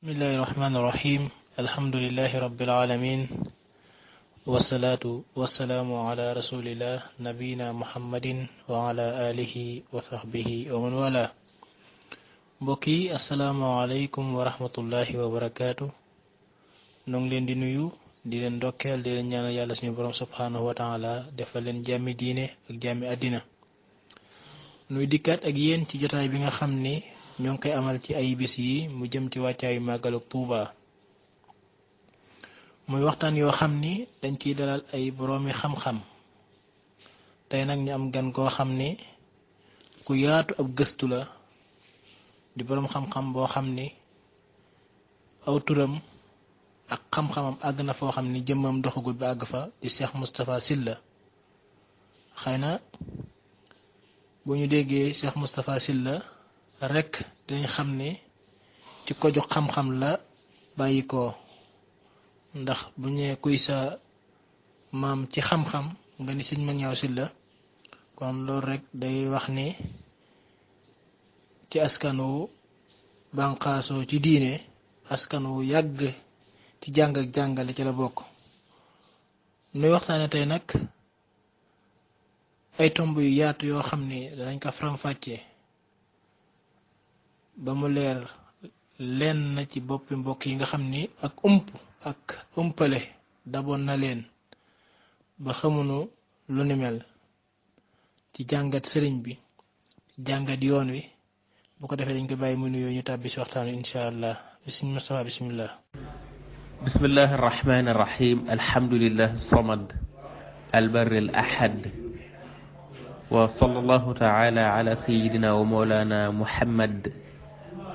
بسم الله الرحمن الرحيم الحمد لله رب العالمين والصلاة والسلام على رسول الله نبينا محمد وعلى آله وصحبه ومن والاه بوكي السلام عليكم ورحمة الله وبركاته نونغلين دي نيو دي لن دوكيل دي لن يالا سبحانه وتعالى دفلن جامي دينه جامي أدينه نوي ديكات اك يين تي جوتاي بيغا خامني ñoo ngi koy amal ci ay bis yi mu jëm ci wàccaayu màggalu Tuuba muy waxtaan yoo xam ni dañ ciy dalal ay boroomi xam-xam tey nag ñu am gan koo xam ni ku yaatu ab gëstu la di boroom xam-xam boo xam ni aw turam ak xam-xamam àgg na foo xam ni jëmmam doxagul ba àgg fa di Cheikh Moustapha Sylla xëy na bu ñu déggee Cheikh Moustapha Sylla rekk dañ xam ne ci ko jox xam-xam la bàyyikoo ndax bu ñee kuy sa maam ci xam-xam nga ni sëñ ma ñaaw si la kon loolu rek day wax ni ci askan wu bànqaasoo ci diine askan wu yàgg ci jàng ak jàngale ci la bokk nuy waxtaane tey nag ay tomb yu yaatu yoo xam ne danañ ko faram-fàccee ba mu leer lenn na ci boppi mbokk yi nga xam ni ak ump ak umpale daboon na leen ba xamuñu lu ni ci jàngat sëriñ bi jàngat yoon wi bu ko defee dañ ko bàyyi mu nuyoo ñu tàbbi si waxtaan wi incha allah bismi Mustafa bismillah bismillahi arrahmani arrahim alhamdulilah samad albarri al ahad wa sallallahu taala ala sayidina wa mawlana muhammad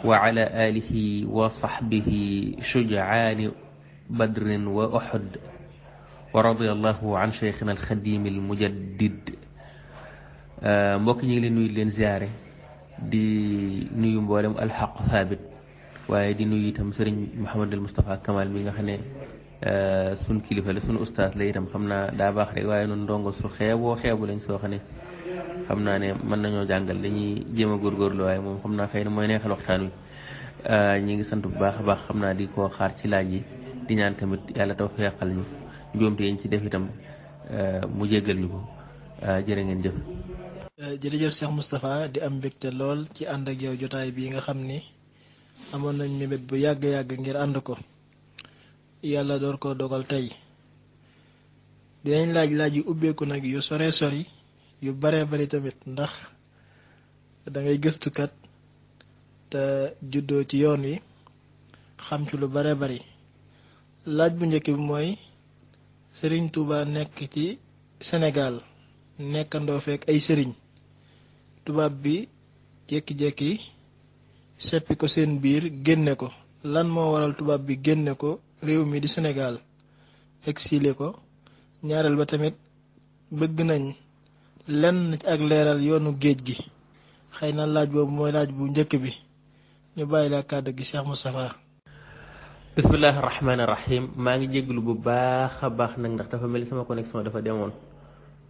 وعلى آله وصحبه شجعان بدر وأحد ورضي الله عن شيخنا الخديم المجدد mbokk ñi ngi leen nuyu leen ziare di nuyu mboolem alxaq thabit waaye di nuyu itam sëriñ Mouhamadul Moustapha Kamal mi nga xam ne sun kilifa la sun ustaas la itam xam naa daa baax rek waaye noonu ndongo su xeeboo xeebu lañ soo xam ne xam naa ne mën nañoo jàngal dañuy jéem a góorgóorlu waaye moom xam naa xëy na mooy neexal waxtaan wi euh, ñi ngi sant bu baax a baax xam naa di ko xaar ci laaj yi di ñaan tamit yàlla taw feexal ñu njuumte yi ci def itam euh, mu jéggal ñu ko euh, jërë ngeen jëf jërëjëf Cheikh Moustapha di am mbégte lool ci ànd ak yow jotaay bi nga xam ni amoon nañ mébét bu yàgg-yàgg ngir ànd ko yàlla door ko dogal tey dinañ laaj laaj yu ubbeeku nag yu sore sori yu bare bare tamit ndax da ngay kat te juddoo ci yoon wi xam ci lu bare bare laaj bu njëkk bi mooy sëriñ tuuba nekk ci sénégal nekkandoo feek ay sëriñ tubaab bi jekki-jekki seppi ko seen biir génne ko lan moo waral tubaab bi génne ko réew mi di sénégal exilé ko ñaareel ba tamit bëgg nañ lenn ci ak leeral yoonu géej gi xëy na laaj boobu mooy laaj bu njëkk bi ñu bàyyi la kàddu gi Cheikh Moustapha bismillahi rahmaani rahim maa ngi jéglu bu baax a baax nag dafa mel ni sama connexion dafa demoon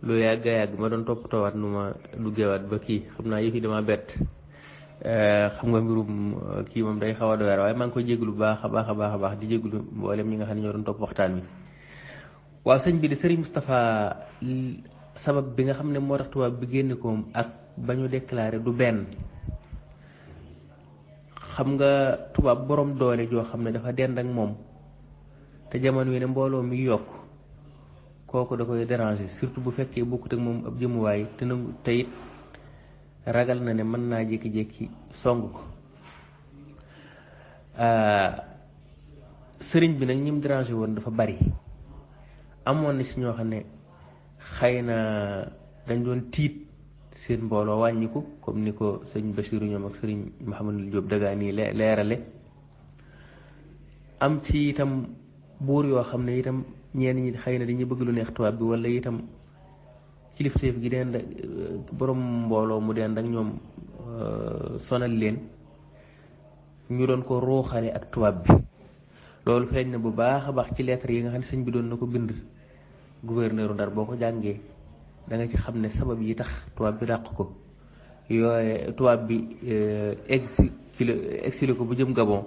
lu yàgg a ma doon toppatoowaat nu ma duggeewaat ba kii xam naa yëf yi dama bett eh, xam nga mbirum eh, kii moom day xaw a doyar waaye maa ngi koy jéglu bu baax a baax a baax a baax di jéglu mboolem ñi nga xam ne ñoo doon topp waxtaan wi waaw sëñ bi di Serigne sabab bi nga xam ne moo tax tubaab bi génne ko ak ba ñu déclaré du benn xam nga tubaab borom doole joo xam ne dafa dend ak moom te jamono wi ne mbooloo mi yokk kooku da koy déranger surtout bu fekkee bokkut ak moom ab jëmuwaay te nangu te it ragal na ne mën naa jékki-jékki song ko sëriñ bi nag ñim déranger woon dafa bari amoon na si ñoo xam xeyna dañ doon tiit seen mbolo wañiku comme niko ko sëñ ñom ak sëriñ Mahamadul diop dagaa nii leerale am ci itam bur yo xam itam ñeen ñi xeyna na bëgg lu neex tuwab bi wala itam seef gi den euh, borom mbolo mu den ak ñom euh, sonal leen ñu doon ko roxale ak tuwab bi lolou feeñ na bu baax a baax ci lettre yi nga xamne ne bi doon nako bind gouverneur ndar boko jangé da nga ci xamné sabab yi tax tuwa bi dàq ko yooye tuwa bi euh exil ko bu jëm gabon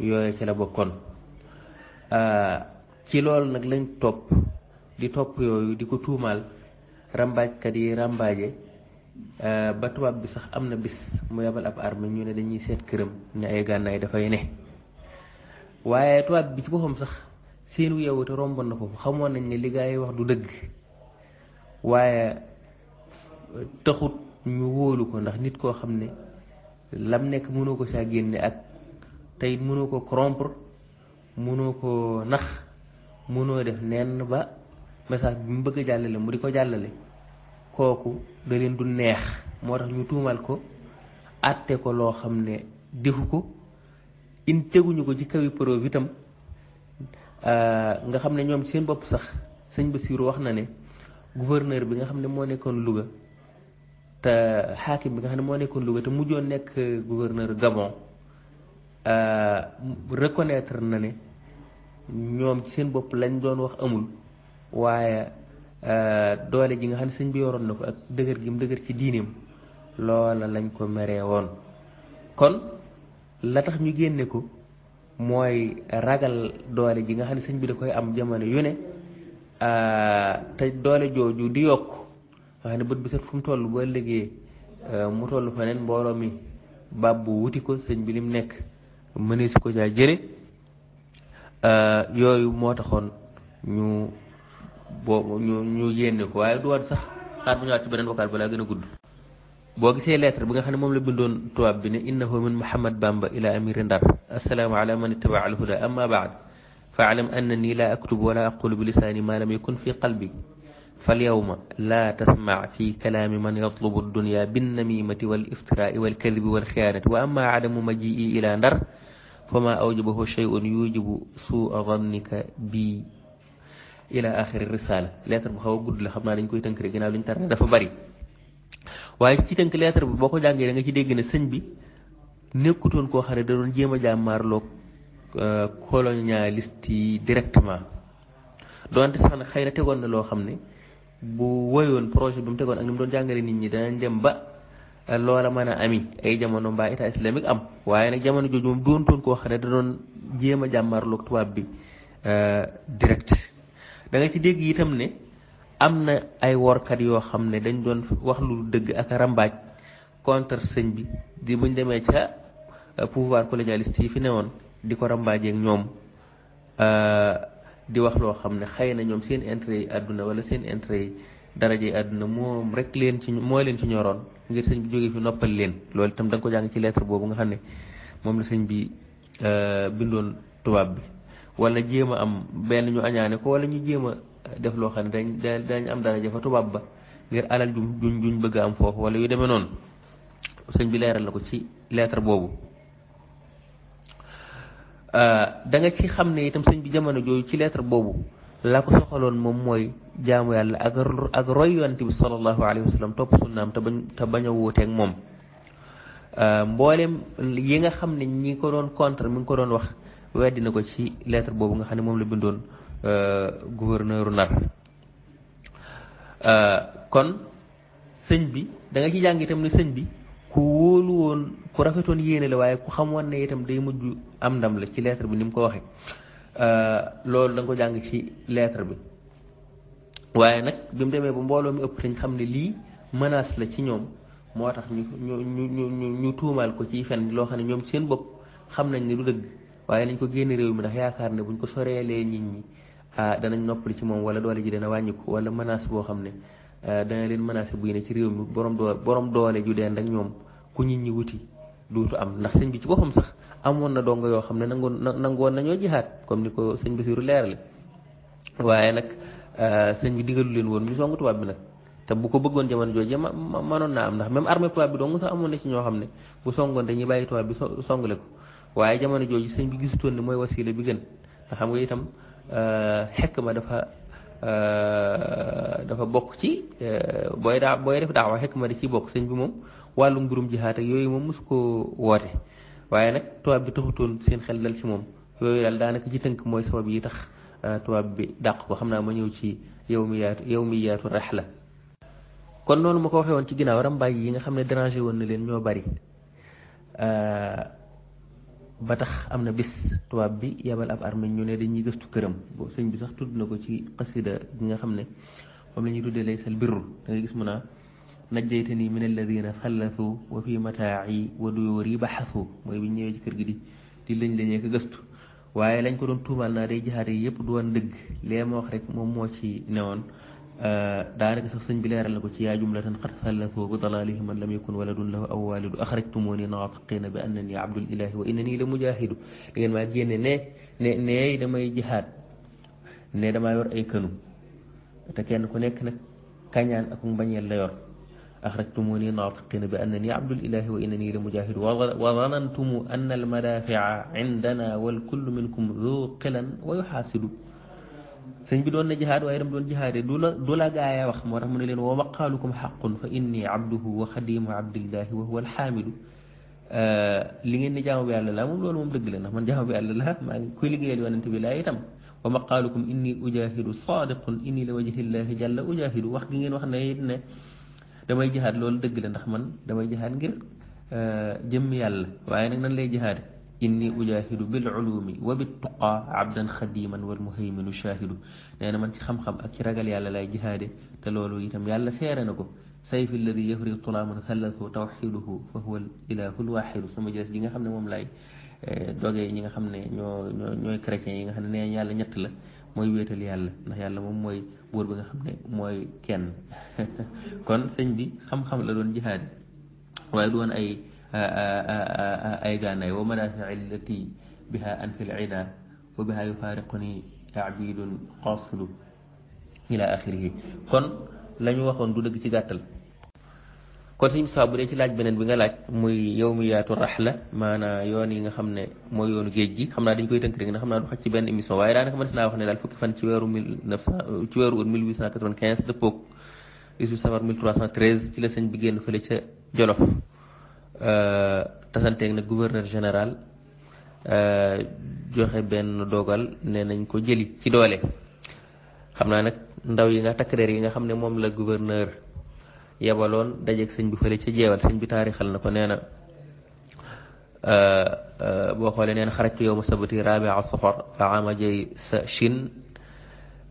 yooye ci la euh ci lol nak lañ top di top yooyu di ko rambaaj rambaajkat yi rambaaje euh, ba tuwa bi sax amna bis mu yabal ab armée ñu né dañuy sét kërëm ne ay da fay né waye tuwa bi ci boppam sax seenu yeewute romb na ko xamoon nañ ne li gaa yi wax du dëgg waaye taxut ñu wóolu ko ndax nit koo xam ne lam nekk mënoo ko saa génne ak tey mënoo ko corrompre mënoo ko nax mënoo def nenn ba message bi mu bëgg a jàllale mu di ko jàllale kooku da leen du neex moo tax ñu tuumal ko àtte ko loo xam ne defu ko in teguñu ko ci kawi preuve itam Euh, nga xam ne ñoom seen bopp sax sëñ Bassirou wax na ne gouverneur bi nga xam ne moo nekkoon Louga te xaakim bi nga xam ne moo nekkoon Louga te mujjoon nekk gouverneur Gabon euh, reconnaître na ne ñoom ci seen bopp lañ doon wax amul waaye euh, doole ji nga xam ne sëñ bi yoroon na ko ak dëgër gi mu dëgër ci diineem loola lañ ko meree woon kon la tax ñu génne ko mooy ragal doole ji nga xam ne sëñ bi da koy am jamono yu ne ah, te doole jooju di yokk nga xam bët bi set fu mu toll boo liggéey ah, mu toll fa neen mbooloo mi bab bu wuti ko sëñ bi lim nekk mënee si ko caa jële ah, yooyu moo taxoon ñu boo ñu ñu yénne ko waaye du waat sax xaar bu ñëwaat ci beneen wakkaat balaa gën a gudd boo gisee lettre bi nga xam ne moom la bindoon tubaab bi ne innahu min muhammad bamba ila amiri ndar assalaamu ala man ittaba al huda amma baad faalam annani la aktubu wala aqulu bi lisaani ma lam yakun fi qalbi فاليوم لا تسمع في كلام من يطلب الدنيا بالنميمة والافتراء والكذب والخيانة وأما عدم مجيئي إلى نر فما أوجبه شيء يوجب سوء ظنك بي إلى آخر الرسالة لا تربخوا قد لحبنا لنكو يتنكر جناب الانترنت دفع بري waaye ci tënk lettre bi boo ko jàngee da nga ci dégg ne sëñ bi nekkutoon koo xam ne da doon jéem a jàmmaarloog euh, colonialiste yi directement doonte sax nag xëy na tegoon na loo xam ne bu woyoon projet bi mu tegoon ak ni doon jàngale nit ñi danañ dem ba euh, loola mën a ami ay jamono mbaa état islamique am waaye nag jamono jooju moom doontoon koo xam ne da doon jéem a jàmmaarloog tubaab bi euh, direct da ci dégg itam ne am na ay workat yoo xam ne dañ doon wax lu dëgg ak rambaaj contre sëñ bi di buñ demee ca euh, pouvoir colonialiste yi fi woon di ko rambaajeek ñoom euh, di wax loo xam ne xëy na ñoom seen intérêt yi àdduna wala seen intérêt yi daraja yi àdduna moom rek leen ci moo leen ci ñoroon ngir sëñ bi jóge fi noppal leen loolu tam da nga ko jàng ci lettre boobu nga xam ne moom la sëñ bi euh, bindoon tubaab bi wala jéem am benn ñu añaane ko wala ñu jéem def loo xam ne dañ dañ am dara jafa tubaab ba ngir alal juñ juñ bëgg am foofu wala yu demee noonu sëñ bi leeral la ko ci leetar boobu euh, da nga ci xam ne itam sëñ bi jamono jooju ci leetar boobu la ko soxaloon moom mooy jaamu yàlla ak ak roy yonent bi sallallahu alayhi wa sallam topp sunnaam te bañ te bañ a wuuteeg moom euh, mboolem yi nga xam ne ñi ko doon contre mi ngi ko doon wax weddi na ko ci leetar boobu nga xam ne moom la bindoon Euh, gouverneuru Ndar euh, kon sëñ bi da nga ci jàng itam ne sëñ bi ku wóolu ku rafetoon yéene la waaye ku xamoon ne itam day mujj am ndam la ci lettre bi ni ko waxee euh, loolu da ko jàng ci lettre bi waaye nag bi mu demee ba mbooloo mi ëpp dañ xam ne lii menace la ci ñoom moo tax ñu ñu ñu ñu ñu tuumaal ko ci fen loo xam ne ñoom seen bopp xam nañ ne du dëgg waaye nañ ko génne réew mi ndax yaakaar ne buñ ko soreelee nit ñi Ah, danañ noppali ci moom wala doole ji dana wàññiku wala menace boo xam ne ah, dana leen menacé buy ne ci réew mi borom doole borom doole ju deen ak ñoom ku nit ñi wuti duutu am ndax sëñ bi ci boppam sax amoon na dongo yoo xam ne nangoon nangoon nañoo jihaat comme ni ko sëñ Basiru leerale waaye nag ah, sëñ bi digalu leen woon ñu songu tubaab bi nag te bu ko bëggoon jamono jooje ma manoon naa am ndax même armée tubaab bi dong sax amoon na ci ñoo xam ne bu songoon dañuy bàyyi tubaab bi songale ko waaye jamono jooju sëñ bi gisutoon ne mooy wasiila bi gën nga xam nga itam xikma dafa dafa bokk ci booy daa booy def daawa xikma da ci bokk sëñ bi moom wàllu mbirum jihaat ak yooyu moom mosu ko woote waaye nag tubaab bi taxutoon seen xel dal ci moom yooyu daal daanaka ci tënk mooy sabab yi tax tubaab bi dàq ko xam naa ma ñëw ci yow mi yaatu yow mi yaatu rex la kon noonu ma ko waxee woon ci ginnaaw rambaaj yi nga xam ne dérangé woon na leen ñoo bari ba tax am na bis tubaab bi yebal ab armée ñu ne dañuy gëstu këram bo sëñ bi sax tudd na ko ci xasida gi nga xam ne moom la ñuy tuddee lay sal birru da nga gis mu naa najjaytani min alladina xallasu wa fi mataa'i wa duyóor yi baxasu mooy bi ñëwee ci kër gi di di lañ lañee ko gëstu waaye lañ ko doon tuumaal naa day jaxaate yëpp du woon dëgg lee ma rek moom moo ci woon daanaka sax sëñ bi leeral na ko ci yaa jumlatan qad sallasoo bi dalaalihi man lam yakun waladun lahu aw waalidu axrajtumuni naatiqina bi annani abdul ilahi wa innani la mujahidu da ngeen maa génne ne ne neey damay jihaad ne damaa yor ay kënu te kenn ku nekk nag kañaan ak mbañeel la yor axrajtumuni naatiqina bi annani abdul ilahi wa innani la mujahidu wa zanantumu anna almadaafica indana walkullu minkum duu qilan wa yuxaasidu sëñ bi doon na jihaad waaye dam doon jihaade du la du wax moo tax mu ne leen wa waqaalukum xaqun fa inni abduhu wa xadimu abdillahi wa huwa alxaamidu li ngeen ni jaamu bi yàlla laa moom loolu moom dëgg la ndax man jaamu bi yàlla laa maa ngi kuy liggéeyal yonente bi laa itam wa maqaalukum inni ujahidu sadiqun inni li wajhillahi jalla ujahidu wax gi ngeen wax ne it ne damay jihaad loolu dëgg la ndax man damay jihaad ngir eh, jëmm yàlla waaye nag nan lay jihaade إني أجاهد بالعلوم وبالتقى عبدا خديما والمهيمن شاهد لأن من تخم خم أكي على لا جهاد تلولو يتم يالا سيرنكو سيف الذي يهري الطلام ثلثه توحيده فهو الإله الواحد ثم جلس ديغا خمنا مملاي دوغي ييغا خمنا ньо ньо ньо كريستيان ييغا خمنا نيا يالا نيت لا موي ويتال يالا نخ يالا موم موي بور بيغا خمنا موي كين كون سيغ بي خم خم لا دون جهاد واي دون اي أيقاني ومنافع التي بها أنف العنا وبها يفارقني تعبيد قاصل إلى آخره فن لن يوخون دولك تقاتل كنت مصابر إيش لاج بنان بنغا مي يوميات الرحلة مانا يوني نغا خمنا مو يون جيجي خمنا دين كويتان كرين نغا خمنا روحة تبان إمي سواي رانا خمنا سنا وخنا لالفوك فان تيوارو ميل نفسا تيوارو ميل ويسنا كتران كيانس دفوك يسو سمار ميل تراسان كريز تلسان بيجين فليش جولوف Euh, tasanteeg nag gouverneur général euh, joxe benn dogal nee nañ ko jëli ci doole xam naa nag ndaw yi nga takk yi nga xam ne moom la gouverneur yebaloon dajeeg sëñ bi fële ci jeewal sëñ bi taarixal na ko nee na euh, boo xoole nee na xaraj yow ma sabati soxor fa ama jëy sa chin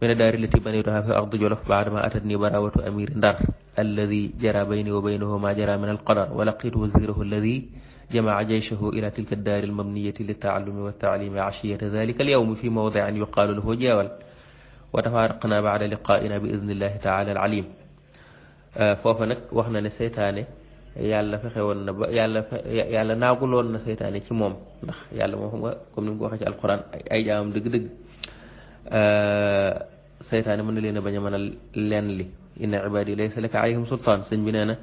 من الدار التي بنيتها في أرض جلف بعدما أتتني براوة أمير دار الذي جرى بيني وبينه ما جرى من القدر ولقيت وزيره الذي جمع جيشه إلى تلك الدار المبنية للتعلم والتعليم عشية ذلك اليوم في موضع يقال له جاول وتفارقنا بعد لقائنا بإذن الله تعالى العليم آه، فوفنك وحنا نسيتاني يالا ne يالا yàlla fexe woon na ba yàlla yàlla naaguloon na seytaane ci moom ndax yàlla moo saytaane mën na leen a bañ a mënal leen li inna ibaadi laysa laka alayhim sultaan sëñ bi nee na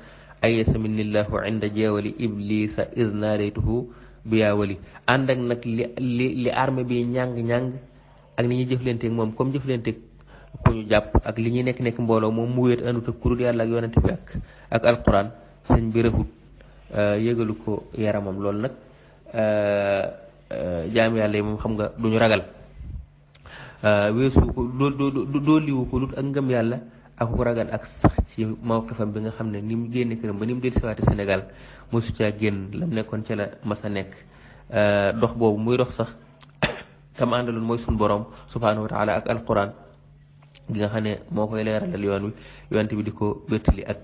ay yasaminillahu inda jeewali iblisa iznaraytuhu biyaawali ànd ak nag li li li armée bi ñàng-ñàng ak ni ñuy jëflante ak moom comme jëflante ku ñu jàpp ak li ñuy nekk nekk mbooloo moom mu wéet andut ak kurut yàlla ak yonent bi ak ak alquran sëñ bi rëxut yëgalu ko yaramam loolu nag jaam yàlla yi moom xam nga duñu ragal Euh, weesu ko doolliwu ko lut ak ngam yàlla ak ko ragal ak sax ci mawqifam bi nga xam ne ni mu génne këram ba ni mu dellusiwaate Sénégal mosu caa génn lam nekkoon ca la mas a nekk euh, dox boobu muy dox sax kam àndaloon mooy suñu borom subhaanahu wa ak alquran gi nga xam ne moo koy leeralal yoon wi yonte bi di ko béttali ak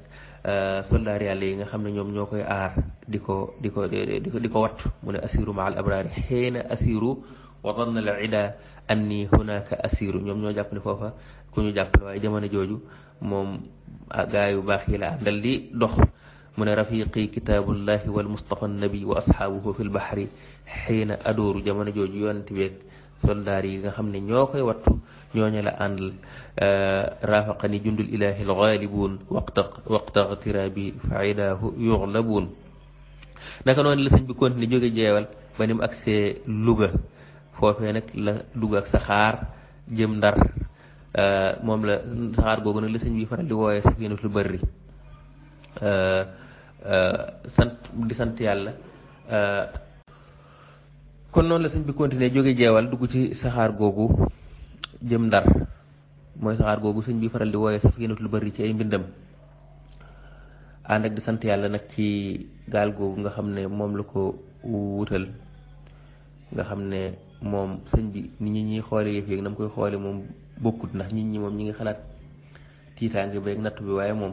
euh, soldaar yàlla yi nga xam ne ñoom ñoo koy aar di ko di ko di ko wattu mu ne asiru ma al abraari xëy na asiru watanna al anni hunaka asiru ñoom ñoo jàpp ne foofa ku ñu jàpp la waaye jamono jooju moom ah, gaa yu baax yi la àndal di dox mu ne rafiqi kitaabullahi wal mustafa nabi wa ashaabuhu fil bahri xiina adooru jamono jooju yonent beeg soldaar yi nga xam ne ñoo koy wattu ñooñu la àndal ah, raafaqani jundul ilahi al galibuun waqta waqta tiraabi faidaahu yuxlabuun naka noonu la sëñ bi continué jóge jeewal ba ni mu agsee foofee nag la dugg ak saxaar jëm ndar euh, moom la saxaar googu nag la sëñ bi faral di wooyee safiinatu lu bari euh, euh, sant di sant yàlla kon noonu sëñ bi continuer jóge jeewal dugg ci saxaar googu jëm ndar mooy saxaar googu sëñ faral di wooyee safiinatu lu bari ci ay mbindam ànd ak di sant yàlla nag ci gaal googu nga xam ne moom la ko wutal nga xam ne moom sëñ bi nit ñi ñuy xoole yëf yéeg na koy xoole moom bokkut na nit ñi moom ñi ngi xalaat tiitaange beeg natt bi waaye moom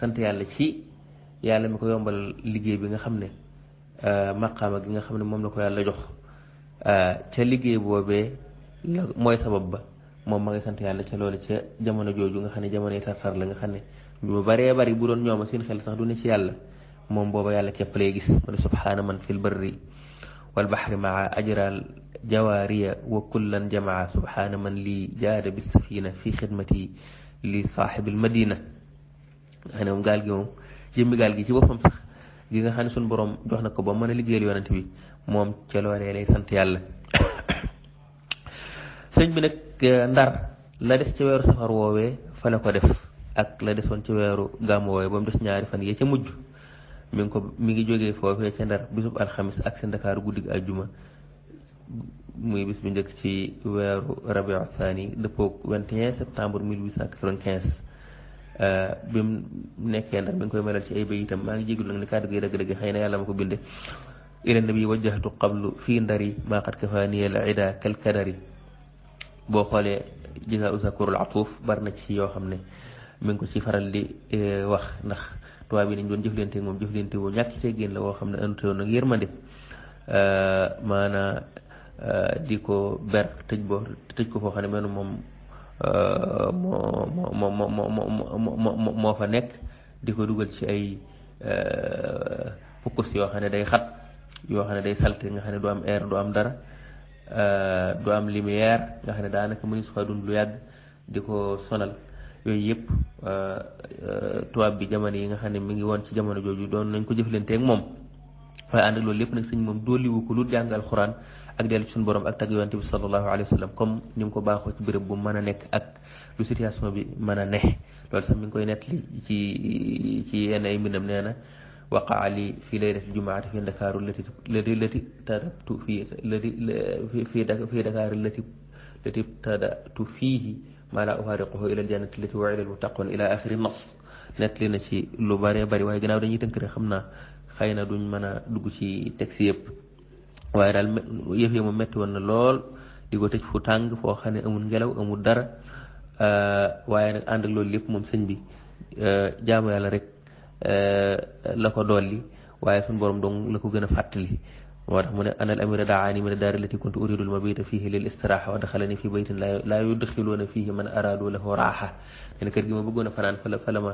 sant yàlla ci yàlla mi ko yombal liggéey bi nga xam ne euh, maqaama gi nga xam ne moom la ko yàlla jox euh, ca liggéey boobee la mooy ba moom ma ngi sant yàlla ca loolu ca jamono jooju nga xam ne jamono yi tartar la nga xam ne ñu baree bari bu doon ñooma seen xel sax du ne ci yàlla moom booba yàlla képp lay gis mu ne subhaana man fil bari wal baxri maa ajral جواري وكلا جمع سبحان من لي جاد بالسفينة في خدمتي لصاحب المدينة أنا قال جيوم جيمي قال جي بفهم سخ جي غا خاني سون بروم جوخنا كو بامانا لي جيل يونت بي موم تيلو ري لي سانت يالا سيغ بي نك ندار لا ديس تي وير سفر ووي فلا كو ديف اك لا ديسون تي ويرو غام ووي بام ديس نياري فان يي تي موجو مي نكو ميغي جوغي فوفي تي ندار بيسوب الخميس اك سن دكار غودي الجمعه muy bis bu njëkk ci weeru rabiu thani dëppoog 21 septembre 1895 euh, bi mu nekkee nag mi ngi koy melal ci ay bayitam maa ngi jégalu nag ni kàddu gi dëgg-dëgg xëy na yàlla ma ko binde ila nabi wajjahtu qablu fii ndari maa qad kafaaniya al ida kalkadari boo xoolee jisa usakurul atuuf bari na ci yoo xam ne mi ngi ko ci faral di euh, wax ndax tubaab yi nañ doon jëflante moom jëflante woo ñàkk teggin la woo xam ne andutewoon nag yërmande euh, maanaa Euh, di ko ber tëj bo tëj ko foo xam ne mel moom euh, moo moo moo moo moo fa nekk di ko dugal ci ay euh, focus yoo xam ne day xat yoo xam ne day salte nga xam ne du am air du am dara du am lumière nga xam ne daanaka mënees fa dund lu yàgg di ko sonal yooyu yëpp tubaab bi jamono yi nga xam ne mi ngi woon ci jamono jooju doon nañ ko jëflante ak moom waaye ànd ak loolu lépp nag sëñ moom dolliwu ko lu jàngal xuraan ak dellu ci suñu borom ak tagg yonante bi sallallahu alayhi wa sallam comme ni mu ko baaxoo ci béréb bu a nekk ak lu situation bi mën a ne loolu sax mi ngi koy nettali ci ci yenn ay mbindam nee na waqaa li fii laylatil jumaati fii Dakaaru lati lati lati tadabtu fii lati fii fii Dakaaru lati lati tadabtu fiihi maa laa ufaariquhu ilal jannati lati wu'ida al muttaquun ila axiri nas nettali na ci lu bëree bari waaye gannaaw dañuy tënk rek xam naa xëy na duñ mën a dugg ci texte yëpp waaye daal yëf ya mu metti woon na lool di ko tëj fu tàng foo xam ne amul ngelaw amul dara waaye nag ànd ak loolu lépp moom sëñ bi jaamu yàlla rek la ko dolli waaye suñu borom dong la ko gën a fàttali moo tax mu ne anal amira daani min daari lati kuntu uridu al mabita fihi lil istiraha wa daxalani fi baytin laa yudxiluuna fihi man araadu lahu raaxa ne kër gi ma bëggoon a fanaan fa la fa la ma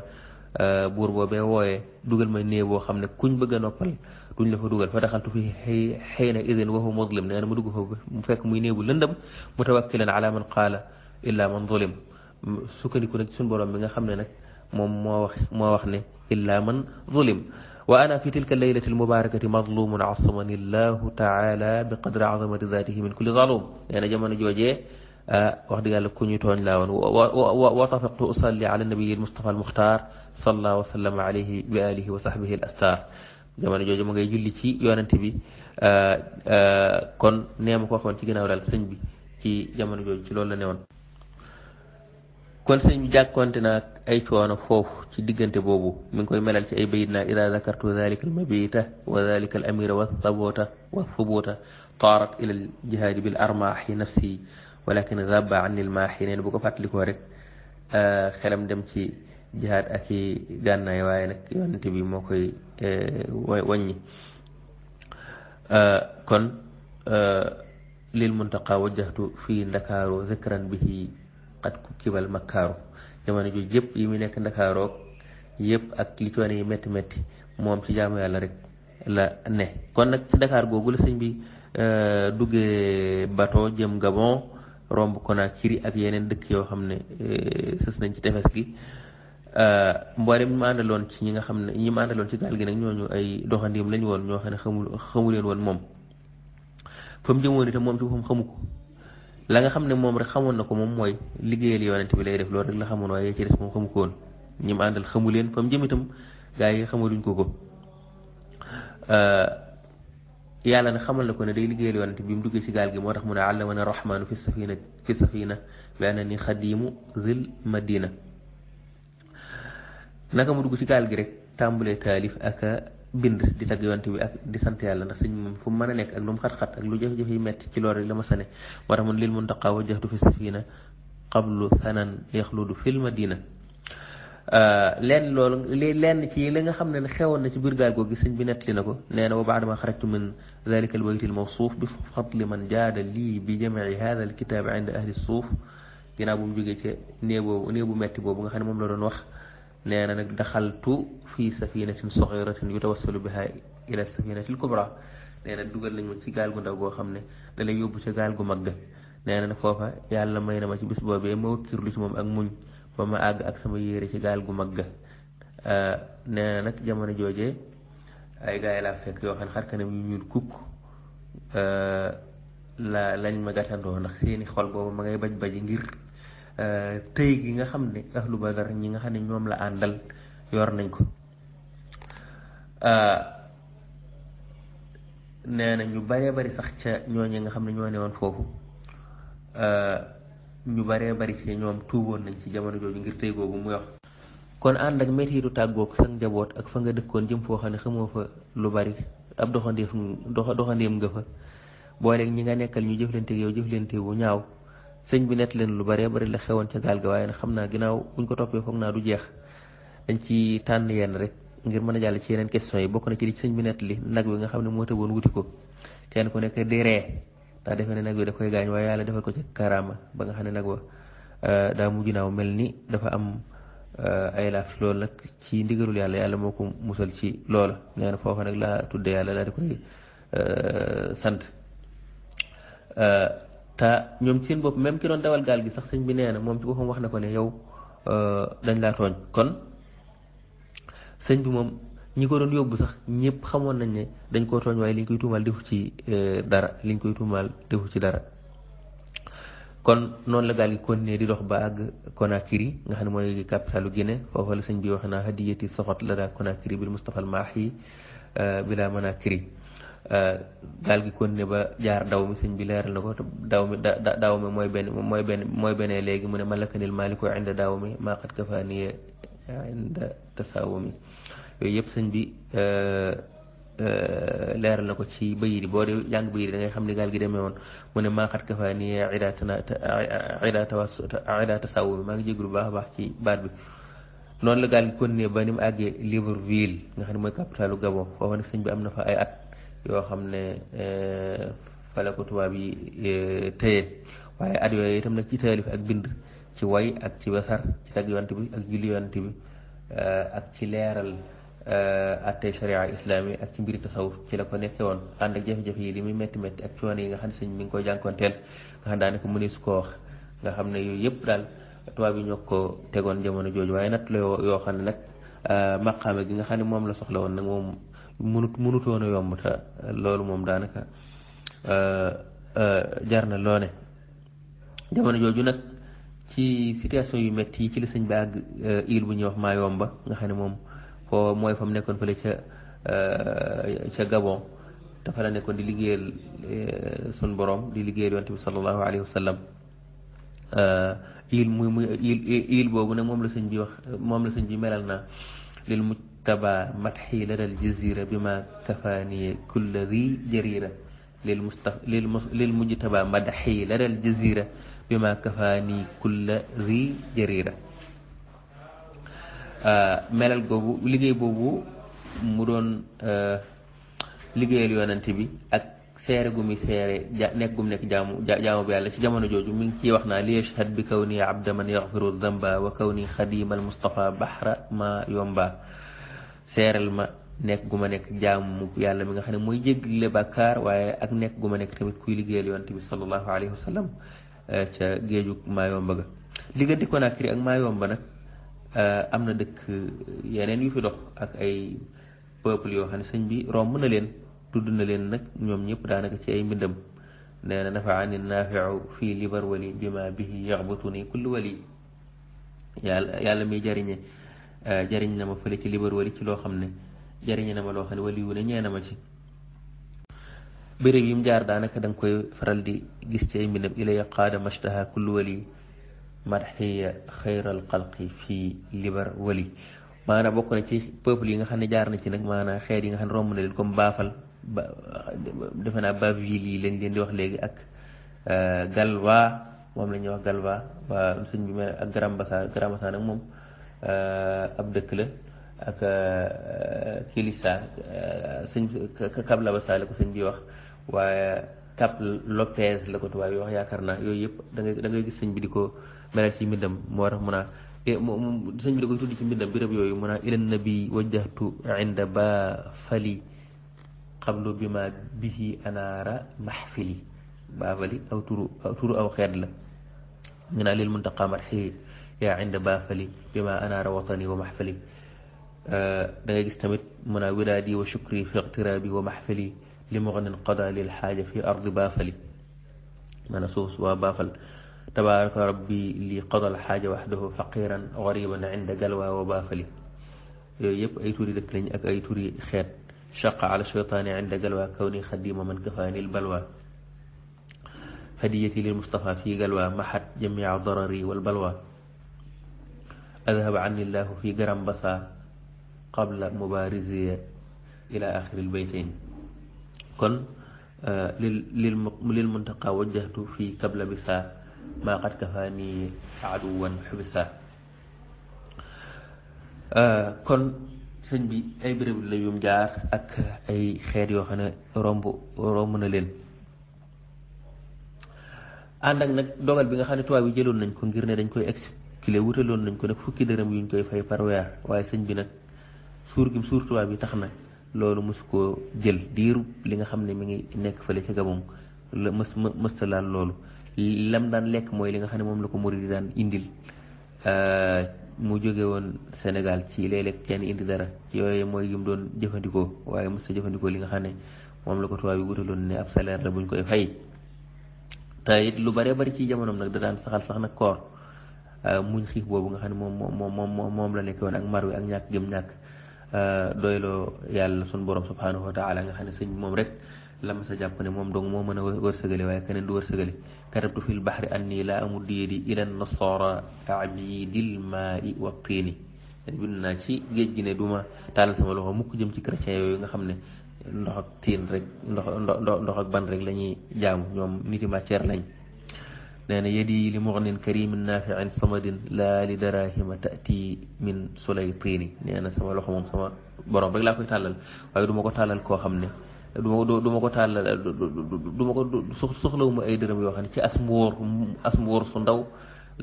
buur boobee wooyee dugal ma néeg boo xam ne kuñ bëgg a noppal duñ la fa dugal fa daxaltu fi xëy na idin wa huwa mudlim nee na mu dugg fa mu fekk muy néew bu lëndëm mutawakkilan ala man qaala illa man zulim sukkandiku nag suñ borom bi nga xam ne nag moom moo wax moo wax ne illa man zulim wa ana fi tilka laylati almubarakati mazlumun asamani llahu taala bi qadri azamati zatihi min kulli zalum nee na jamono joojee wax dëgg yàlla ku ñu tooñ laa woon wa tafaqtu usalli ala nabiyi almustafa almuxtaar sallallahu wa sallama alayhi wa alihi wa sahbihi al astar jamono jooju ma ngay julli ci yonent bi euh, euh, kon nee ma ko waxoon ci ginnaaw sëñ bi ci jamono jooju ci loolu la newoon. kon sëñ bi jàkkonte naag ay coono foofu ci diggante boobu mi ngi koy melal ci ay bayit naa ida zakartu dalika al wa dalika al amira wa thabota wa thubuta taarat ila al jihaadi bil armaahi nafsi walakin zabba anni al maahi neen bu ko fàttalikoo rek euh, xelam dem ci jihad ak gannaye gànnaay waaye nag yonent bi moo koy eh, wàññi eh, kon eh, lil muntaqa wajjahtu fi ndakaaru zikran bihi qad kukibal makkaaru jamono ju yëpp yi mu nekk ndakaaroog yep ak li coono metti metti mom ci jamu yalla rek la ne kon nag ci Dakar googu la sëñ bi duggee bato jëm Gabon romb kiri ak yenen dëkk yoo xam ne sës nañ ci tefes gi Euh, mboolem ñu ma àndaloon ci ñi nga xam ne ñi ma àndaloon ci gaal gi nag ñooñu ay doxandiim lañ woon ñoo xam ne xamul xamuleen woon moom fa mu jëmoon itam moom ci boppam xamu ko la nga xam ne moom rek xamoon na ko moom mooy liggéeyal yonent bi lay def loolu rek la xamoon waaye ci des moom xamu ko woon ñi ma àndal xamu leen fa mu jëm itam gaa ko ko euh, yàlla na xamal ko ne day liggéeyal yonent bi mu duggee ci gaal gi moo tax mu ne allamana rahmaanu fi safina fi safina bi anani xadimu zil madina naka mu dugg ci gaal gi rek tàmbulee taalif ak a bind di tagg yonte bi ak di sant yàlla ndax sëñ moom fu mu mën a nekk ak lu mu xat-xat ak lu jafe-jafe yi metti ci loolu rek la ma sane moo tax mun lil muntaqa wa jaxdu fi safina qablu sanan yaxludu fil madina lenn loolu li lenn ci li nga xam ne xewoon na ci biir gaal googu sëñ bi nettali na ko nee na wa baada ma xarajtu min dalika albayt almawsuuf bi fadli man jaada lii bi jamici hada alkitaab inda ahli suuf ginnaaw bu mu jógee ca néew boobu néew bu metti boobu nga xam ne moom la doon wax nee na nag daxaltu fii safinatin soxiratin yutawassalu biha ila safinati l kubra nee na dugal nañ ma ci gaal gu ndaw goo xam ne da lay yóbbu ca mag ga na foofa yàlla may na ma ci bis boobee ma wakkirlu ci moom ak muñ ba ma àgg ak sama yére ci gaal gu mag ga nee nag jamono jooje ay gaay laa fekk yoo xam ne xar kanam ñuul kukk la lañ ma gàttandoo ndax seeni xol boobu ma ngay baj baji ngir tey gi nga xam ne ahlu badar ñi nga xam ne ñoom la àndal yor nañ ko ah, nee na ñu baree bari sax ca ñooñu nga xam ne ñoo newoon foofu ah, ñu baree bari ci ñoom tuuboon nañ ci jamono jooju ngir tey googu mu yox kon ànd ak métitu tàggoog sa njaboot ak fa nga dëkkoon jëm foo xam ne xamoo fa lu bari ab doxandeef doxandeem nga fa booleeg ñi nga nekkal ñu jëflante yow jëflante wu ñaaw sëñ bi nett leen lu bare bari la xewoon ca gaal ga waaye nag xam naa ginnaaw uñ ko toppee foog naa du jeex dañ ci tànn yenn rek ngir mën a jàll ci yeneen question yi bokk na ci li sëñ bi nett li nag wi nga xam ne moo tëboon wuti ko kenn ku nekk di ree daa defee ne nag wi da koy gaañ waaye yàlla defal ko ci karaama ba nga xam ne nag wa euh, daa mujj naaw mel ni dafa am euh, ay laaf loolu nag ci ndigalul yàlla yàlla moo ko musal ci loola nee na foofa nag laa tudde yàlla laa di euh, sant te ñoom seen bopp même ki doon dawal gaal gi sax sëñ bi nee na moom ci boppam wax na ko ne yaw euh, dañ laa tooñ kon sëñ bi moom ñi ko doon yóbbu sax ñëpp xamoon nañ ne dañ koo tooñ waaye liñ koy tuumaal defu ci euh, dara liñ koy tuumaal defu ci dara kon noonu la gaal gi continuer di dox ba àgg Conakry nga xam ne mooy capitalu Guinée foofa sëñ bi wax naa hadiyati soxot la daa Conakry bil Mustafa al Maahi euh, bila Manakri gaal eh, gi continué ba jaar daw mi sëñ bi leeral na ko te mi da daw mooy benn mooy mooy benn léegi mu ne malakanil maaliku inda daw mi maa qad kafaaniya eh, inda tasaawu mi yëpp sëñ bi eh, leeral na ko ci bayiri boo de jàng bayiri da ngay xam ne gaal gi demee woon mu ne maa qad kafaaniya ida tawas ida tasaawu mi maa ngi jégul baax a baax ci baat bi noonu la gaal gi continué ba ni mu àggee Libreville nga xam ne mooy capitalu Gabon foofa nag sëñ bi am na fa ay at yoo xam ne eh, fale ko tubaab yi eh, téye waaye at yooyu itam nag ci taalif ak bind ci way ak ci wasar ci tag yonent bi ak julli yonent eh, ak ci leeral attey sharia islami ak ci mbiri tasawuf ci la ko nekkee woon ànd ak jafe yi li muy metti métti ak coono yi nga xam ne sëñ mi ngi koy jànkoonteel nga xam daanaka mënee su ko wax nga xam ne yëpp daal tubaab yi ñoo ko tegoon jamono jooju waaye natt la yoo xam ne nag maqaame gi nga xam ne moom la soxla woon nag moom mënut mënutoon a yomb loolu moom daanaka euh, euh, jar na loone jamono jooju nag ci situation yu metti yi ci la sëñ bi àgg euh, bu ñuy wax maa yomba nga xam ne moom foo mooy fa mu nekkoon fële ca ca Gabon dafa la nekkoon di liggéeyal sun borom di liggéeyal yonte bi sallallahu alayhi wa sallam île muy muy île île boobu nag moom la sëñ bi wax moom la sëñ bi melal na lil mucc تبا مدحي لدى الجزيرة بما كفاني كل ذي جريرة للمستف... للم... للمجتبى مدحي لدى الجزيرة بما كفاني كل ذي جريرة آه ملال غوبو لغي بوبو مدون آه لغي اليوان انتبي أك سير غمي سير جا... نك غم نك جامو جا... جامو بيالا شي جامو نجوجو من كي وحنا ليشهد بكوني عبد من يغفر الذنب وكوني خديم المصطفى بحر ما يومبا seeral ma nekk gu ma nekk jaamu yàlla mi nga xam ne mooy jéggale bàkkaar waaye ak nekk gu ma nekk tamit kuy liggéeyal yonent bi sallallahu alayhi wa sallam eh, ca géeju maayomba ga diggante nag eh, am na dëkk yeneen yu fi dox ak ay peuple yoo xam ne sëñ bi romb na leen tudd na leen nag ñoom ñëpp daanaka ci ay mbindam nee na nafaani naafiu fii libar wali bi ma bihi yaxbatu ni kullu wali yàlla yàlla jariñe Eh, jariñ na ma fële ci libar wali ci loo xam ne jariñ na ma loo xam ne waliwu ne ñee na ma ci béréb yi mu jaar daanaka da koy faral di gis ci ay mbindam ilaya qaada mashtaha kullu wali madxiya xayral xalqi fii libar bokk na ci peuple yi nga xam ne jaar na ci nag maanaam xeet nga xam ne romb na leen comme baafal ba naa ba ville yi lañ leen di wax léegi ak eh, galwa moom la ñuy wax galwa waa sëñ bi mel ak Grand Bassam nag moom Euh, ab dëkk la ak euh, kilisa euh, sëñ kab labasa la ko sëñ bi wax waaye cap lopez la ko tubaab yi wax yaakaar naa yooyu yëpp da ngay da ngay gis sëñ bi di ko melal ci mbindam moo tax mun a eh, sëñ bi da koy tudd ci mbindam birab yooyu mun a ilan nabi wajjahtu inda ba fali xablu bi ma bihi anaara mahfili baafali aw turu aw turu aw xeet la nga naa lil muntaqa marxi يا عند بافلي بما أنا روطني ومحفلي آه، دقيق استمت من ولادي وشكري في اقترابي ومحفلي لمغن قضى للحاجة في أرض بافلي منسوس وبافل تبارك ربي اللي قضى الحاجة وحده فقيرا غريبا عند قلوى وبافلي آه، يب أي توري دكلين أك أي توري خير شق على الشيطان عند قلوى كوني خديم من كفاني البلوى هديتي للمصطفى في قلوى محت جميع ضرري والبلوى أذهب عني الله في جرم بثا قبل مبارزي إلى آخر البيتين كن آه، للمنتقى وجهت في قبل بثا ما قد كفاني عدوا حبسا آه، كن سن بي اي بريب لا يوم جار اك اي خير يو خنا رومبو رومنا لين اندك نك دوغال بيغا خاني توابي جيلون نانكو غير ني kile wutaloon nañ ko nag fukki dërëm yuñ koy fay par weer waaye sëñ bi nag suur gim suur tubaab yi tax na loolu mosu koo jël diiru li nga xam ne mi ngi nekk fële ca Gabon la mës mësta laal loolu lam daan lekk mooy li nga xam ne moom la ko murid di daan indil mu jóge woon Sénégal ci léeg kenn indi dara yooyu mooy li mu doon jëfandikoo waaye mës jëfandikoo li nga xam ne moom la ko tubaab yi wutaloon ne ab salaire la buñ koy fay te lu bare bari ci jamonoom nag da daan saxal sax nag koor muñ xiif boobu nga xam ne moom moom moom moom la nekkoon ak mar wi ak ñàkk gëm ñàkk doyloo yàlla sun borom subhanahu wa taala nga xam ne sëñ moom rek la ma sa jàpp ne moom dong moo mën a wërsëgale waaye keneen du wërsëgale karabtu fil bahri anni la amu diiri ila nasara abidil maai wa tiini bind naa ci géej gi ne duma tàllal sama loxo mukk jëm ci chrétien yooyu nga xam ne ndox ak tiin rek ndox ndox ndox ak ban rek la ñuy jaamu ñoom niti matière lañ نانا يدي لمغن كريم نافع صمد لا لدراهم تأتي من سليطيني نانا سما لخم سما برام بقلا كي تعلل وعيد مكو تعلل كو خمني دو دو دو مكو تعلل دو مكو سخ سخ لو ما يدرم أسمور أسمور صندو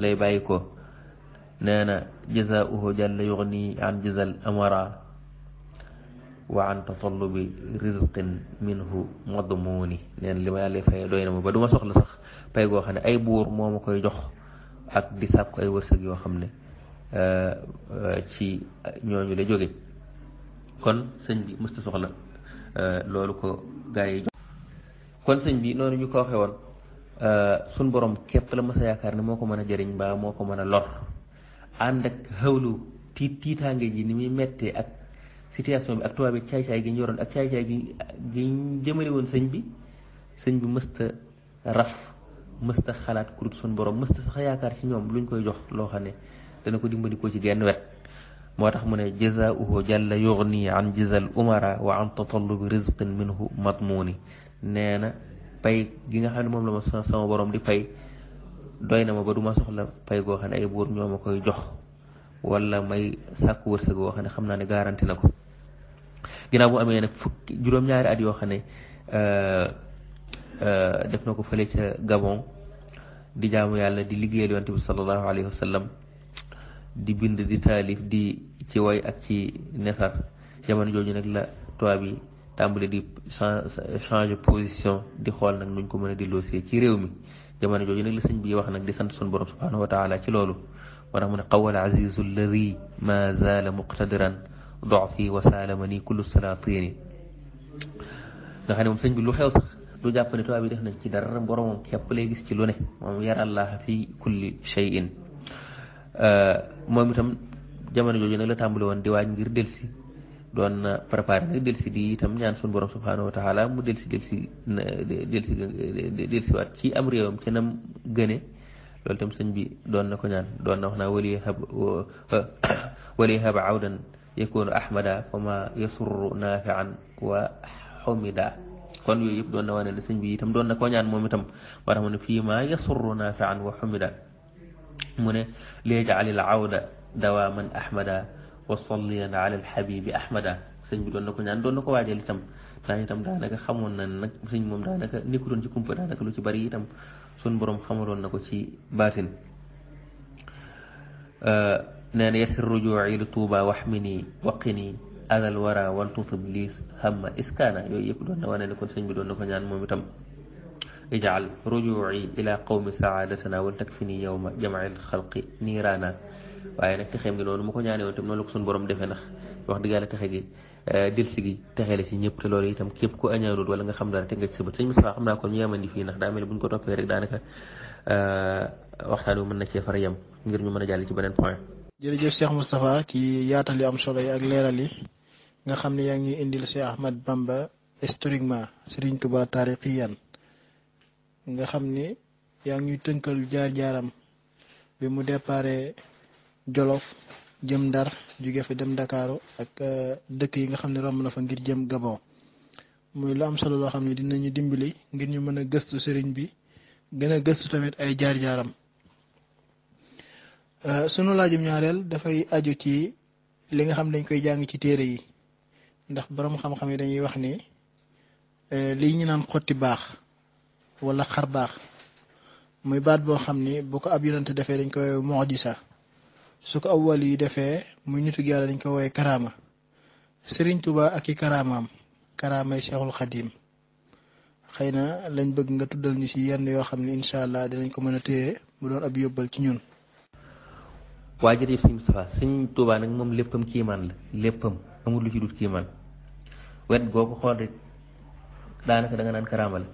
لا يبايكو نانا جزاؤه pay goo xam ne ay buur moo ma koy jox ak di sàkku ay wërsëg yoo xam ne euh, euh, ci ñooñu la jóge kon sëñ bi mësta soxla euh, loolu ko gaa yi jox kon sëñ bi noonu ñu ko waxee woon suñ borom képp la mësa yaakaar ne moo ko mën a jëriñ mbaa moo ko mën a lor ànd ak xawlu tiit tiitaange ji ni muy mettee ak situation bi ak tubaab bi caay-caay gi ñu ak caay-caay gi gi jëmale woon sëñ bi sëñ bi mësta raf mësta xalaat kurut suñu borom mësta sax yaakaar ci ñoom luñ koy jox loo xam ne dana ko dimbali ko ci genn wet moo tax mu ne jazauhu jalla yugni an jazal umara wa an tatallubi rizqin minhu matmuni nee na pay gi nga xam ne moom la ma sama borom di pay doy na ma ba soxla pay goo xam ne ay buur ñoo ma koy jox wala may sàkk wërsëg goo xam ne xam naa ne garanti na ko ginnaaw bu amee nag fukki juróom-ñaari at yoo xam ne euh, Euh, def na ko fële ca Gabon di jaamu yàlla di liggéeyal yonte bi sallallahu alayhi wa sallam di bind di taalif di ci way ak ci nefar jamono jooju nag la tubaab yi tàmbali di changer position di xool nag nuñ ko mën a delloosee ci réew mi jamono jooju nag la sëñ bi wax nag di sant sun borom subhanahu wa taala ci loolu moo tax mu ne qawal azizu alladi ma zaala muqtadiran dofi wasalama ni kullu salaatini nga xam ne moom sëñ bi lu xew sax du jàpp ne tubaab yi def nañ ci dara boromam képp lay gis ci lu ne moom yar allah fi kulli shay'in euh, moom itam jamono jooju nag la tàmbali woon di waaj ngir doon na préparé nag delsi di itam ñaan suñu borom subhanahu wa taala mu delsi delsi delsi ci am réewam ci nam gëne loolu itam sëñ bi doon na ko ñaan doon na wax naa wali hab wali yakunu ahmada fa ma yasurru nafian wa xumida kon yooyu yëpp doon na wane ne sëñ bi itam doon na ko ñaan moom itam moo tax mu ne fii maa yasurru naafian wa xumida mu ne jaali al awda dawaman ahmada wa salliyan ala al xabibi ahmada sëñ bi doon na ko ñaan doon na ko waajal itam ndax itam daanaka xamoon na nag sëñ moom daanaka doon ci kumpa daanaka lu ci bari itam sun borom xamaloon na ko ci baatin nee na yasir rujuci li tuuba waxmini waqini alal wara waltu iblis hamma iskana yooyu yëpp doon na wane ne kon sëñ bi doon na ko ñaan moom itam ijaal rujuuci ila qawmi saadatana wal takfini yowma jamail xalqi niiraana waaye nag texeem gi noonu mu ko ñaane woon tam noonu la ko suñu borom defee ndax wax dëgg yàlla texe gi delsi gi texe la si ñëpp te loolu itam képp ku añaanut wala nga xam dara te nga ci sabat sëñ Moussa xam naa kon ñu yemandi fii ndax daa mel buñ ko toppee rek daanaka waxtaan wi mën na cee far yem ngir ñu mën a jàll ci beneen point jërëjëf Cheikh Moustapha ci yaatal yi am solo yi ak leeral yi nga xam ne yaa ngi indil si ahmad bamba historiquement sëriñ tuba tariqiyan nga xam yang yaa ngi tënkal jaar-jaaram bi mu déparé jolof jëm dar jóge fi dem dakaro ak euh, dëkk yi nga xam ne romb na fa ngir jëm gabon muy lu am solo loo xam ne dinañu dimbali ngir ñu mën a gëstu sëriñ bi gën a gëstu tamit ay jaar-jaaram euh, sunu laajum ñaareel dafay aju ci li nga xam dañ koy jàng ci téere yi ndax borom xam-xam yi dañuy wax ni eh, li ñu naan xotti baax wala xar baax muy baat boo xam ni bu ko ab yonante defee dañ ko woowee mojisa su ko awwal yi defee muy nitu yàlla dañ ko woowee karaama sëriñ tuba ak i karaamaam karaamay seexul xadim xëy na lañ bëgg nga tuddal ñu si yenn yoo xam ne incha allah dinañ ko mën a téye mu doon ab yóbbal ci ñun waa jërëjëf sëñ Moustapha sëñ Touba nag moom léppam kiimaan la léppam amul lu ci dut man wet googu xool it daanaka da nga naan karaama la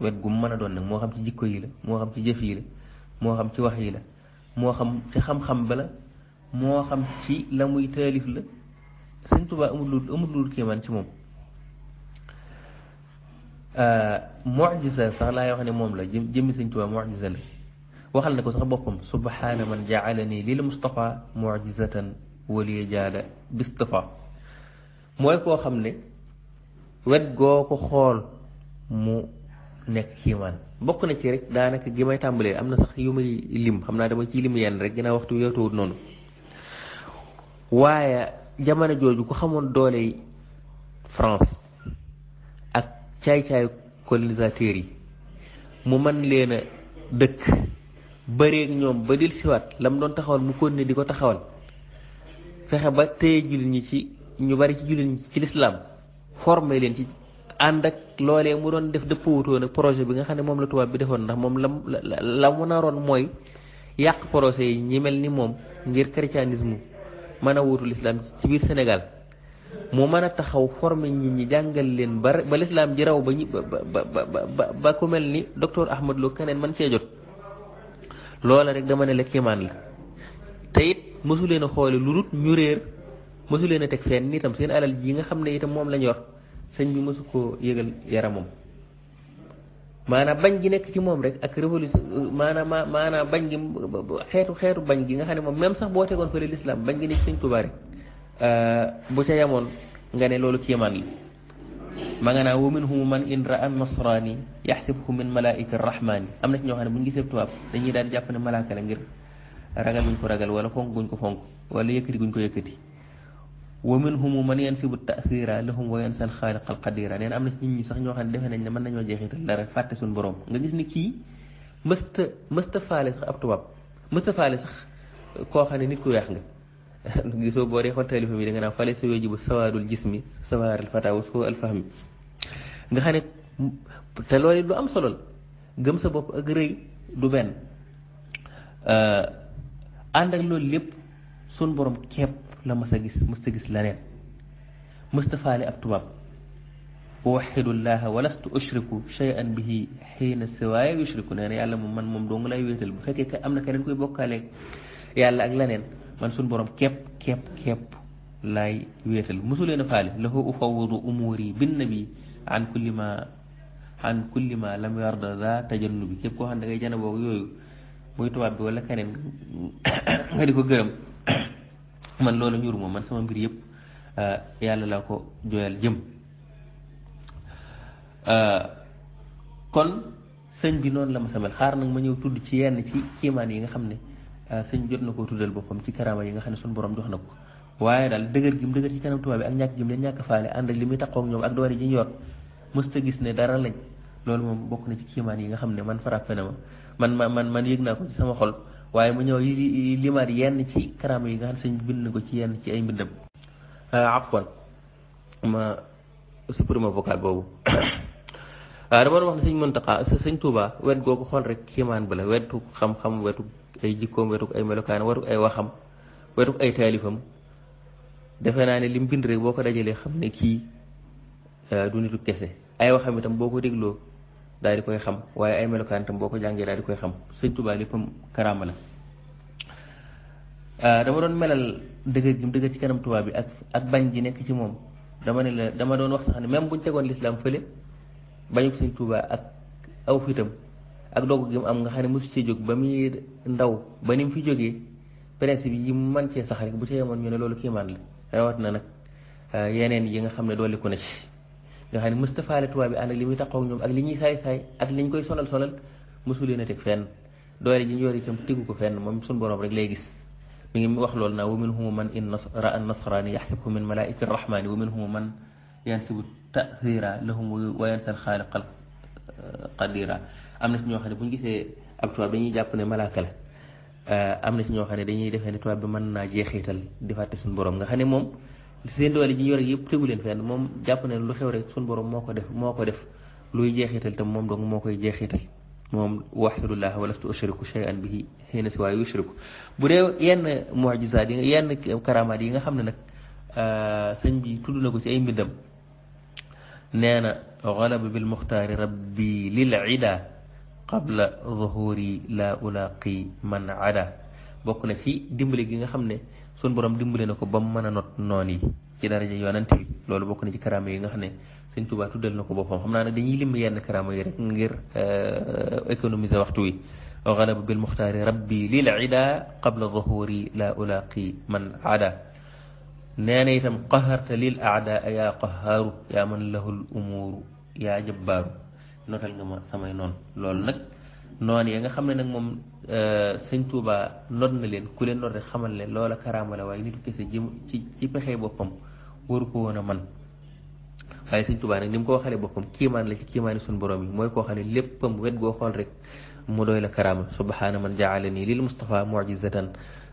wet gu mu mën a doon nag moo xam ci jikko yi la moo xam ci jëf yi la moo xam ci wax yi la moo xam ci xam-xam ba la moo xam ci la muy taalif la sëñ Tuubaa amul lu amul lu man ci moom mucjisa sax laay wax ne moom la jëmmi sëñ Tuubaa mucjisa la waxal na ko sax boppam subhaana man jaalani lil Mustafa mucjisatan waliya jaala bistafa mooy koo xam ne wet goo ko xool mu nekk ci man bokk na ci rek daanaka gi may tàmbalee am na sax yu may lim xam naa dama ci lim yenn rek ginnaaw waxtu yootowut noonu waaye jamono jooju ku xamoon doole France ak caay-caayu colonisateur yi mu man leen a dëkk bëreeg ñoom ba dil siwaat la mu doon taxawal mu continuer di ko taxawal fexe ba téye jullit ñi ci ñu bari ci jullit ñi ci lislaam formé leen ci ànd ak loolee mu doon def dëppawutoon ak projet bi nga xam ne moom la tuwaab bi defoon ndax moom la la mu naroon mooy yàq projet yi ñi mel ni moom ngir christianisme mën a wuutu lislaam ci biir Sénégal mu mën a taxaw former nit ñi jàngal leen ba ba lislaam ji raw ba ñu ba ba ba ku mel ni docteur Ahmad Lo keneen man cee jot loola rek dama ne la kiimaan la te it leen a xoole lu ñu réer mosu leen a teg fenn itam seen alal ji nga xam ne itam moom lañ yor sëñ bi mësu koo yëgal yaramam maanaam bañ gi nekk ci moom rek ak révolution maanaam maanaam bañ gi xeetu xeetu bañ gi nga xam ne moom même sax boo tegoon fële lislaam bañ gi nekk sëñ Tuubaa rek euh, bu ca yamoon nga ne loolu kéemaan li ma nga naa wa minhum man in raa nasraani yaxsibhu min malaika rahmaani am na ci ñoo xam ne bu ñu gisee tubaab dañuy daan jàpp ne malaaka la ngir ragal guñ ko ragal wala fonk guñ ko fonk wala yëkkati guñ ko yëkkati ومنهم من ينسب التأثير لهم وينسى الخالق القدير يعني أمس نيني صح نيو خان دفن أن من نيو جيخي تلار فاتي سن بروم نجيس نيكي مست مستفالي صح أبتواب مستفالي صح كو خان نيكو يخنج نجيسو بوري خو تالي فمي دنگنا فالي سو يجيب سوار الجسم سوار الفتا وسو الفهم نخاني تلوالي لو أم صلول جم سبب أغري دو بين أه عندك لو لب سن بروم كيب la mës a gis mësta gis leneen mësta faale ab tubaab wa waxidullaha walastu ushriku shay'an bihi xiina siwaaya yushriku nee na yàlla moom man moom dong lay wéetal bu fekkee ka am na keneen koy bokkaale yàlla ak leneen man suñ borom képp képp képp laay wéetal mosu leen a faale lahu ufawwidu umuuri bin nabi an kulli ma an kulli ma lam yarda daa tajannu bi képp koo xam ne da ngay jana boog yooyu muy tubaab bi wala keneen nga di ko gërëm man loolu ñuru moom man sama mbir yëpp eh, yàlla laa ko jooyal jëm eh, kon sëñ bi noonu la ma samel xaar nag ma ñëw tudd ci yenn ci kiimaan yi nga xam ne eh, sëñ jot na koo tuddal boppam ci karaama yi nga xam ne suñu borom jox na ko waaye daal dëgër gi mu dëgër ci kanam tubaab bi ak ñàkk gi mu leen ñàkk faale ànd ak li muy taxaw ak ñoom ak doole ji ñu yor mësta gis ne dara lañ loolu moom bokk na ci kiimaan yi nga xam ne man frappé na ma man man man yëg naa waaye mu ñëw limaat yenn ci karaama yi nga xam ne bind na ko ci yenn ci ay ak euh, afwan ma supprimer vocal boobu waaw euh, dama doon wax ne sëñ Muntaxa sëñ Tuuba wet googu xool rek kiimaan ba la wetu xam-xam wetu ay jikkoom wetu ay melokaan wetu ay waxam wetu ay taalifam defe naa ne lim bind rek boo ko dajalee xam ne kii euh, du kese ay waxam itam boo ko dégloo daal di koy xam waaye ay melokaan tam boo ko jàngee daal di koy xam sëñ Tuubaa léppam karaama la ah, dama doon melal dëgër gi mu dëgër ci kanam tubaab bi ak ak bañ gi nekk ci moom dama ne dama doon wax sax ne même buñ tegoon lislaam fële bañu sëñ Tuubaa ak aw fitam ak dogu gi mu am nga xam ne mosu cee jóg ba muy ndaw ba ni mu fi jógee principe yi mu mën cee sax rek bu ca yemoon ñu ne loolu kiimaan la rawat na nag ah, yeneen yi nga xam ne dolli ko na ci nga xam ne Moustapha la tubaab bi ànd ak li muy taxaw ñoom ak li ñuy saay-saay ak li ñu koy sonal sonal mosu leen a teg fenn doole ji ñu yor itam tegu ko fenn moom suñu boroom rek lay gis mu ngi wax loolu naa wa minhum man in ra nasraani yaxsibhu min malaa'ika rahmaani wa minhum man yansibu tasira lahum wa yansal xaaliqal uh, qadira am na si ñoo xam ne bu gisee ab tubaab dañuy jàpp ne malaaka la uh, am na si ñoo xam ne dañuy defee ne tubaab bi mën naa jeexital di fàtte suñu borom nga xam ne moom seen doole ji ñu rek yëpp tegu leen fenn moom jàpp ne lu xew rek suñu borom moo ko def moo ko def luy jeexital te moom dong moo koy jeexital moom waxidullah walastu ushriku shay'an bihi xëy na si waaye yushriku bu dee yenn mujisaat yi yenn karamaat yi nga xam ne nag sëñ bi tudd na ko ci ay mbindam nee na galaba bil muxtaari rabbi lil ida qabla zuhuri la ulaqi man ada bokk na ci dimbali gi nga xam ne sun borom dimbale na ko ba mu a not noon yi ci daraja yonante bi loolu bokk na ci karaama yi nga xam ne sëñ Tuubaa tuddal na ko boppam xam naa ne dañuy lim yenn karaama yi rek ngir euh, économiser waxtu wi wa galaba bil muxtaari rabbi lil ida qabla zuhuri la ulaqi man ada nee na itam qaharta lil aada yaa qahaaru yaa man lahul umuuru yaa jabbaaru notal nga samay noonu loolu nag noonu ya nga xam ne nag moom euh, sëñ Touba not na leen ku leen not rek xamal leen loola karaama la waaye nit ku boppam waru ko woon a man waaye sëñ Touba nag ni mu ko waxalee boppam kiimaan la ci kiimaani suñ borom yi mooy koo xam ne léppam wet goo xool rek mu doy la karaama subhaana man jaala nii lil Mustafa mu'jizatan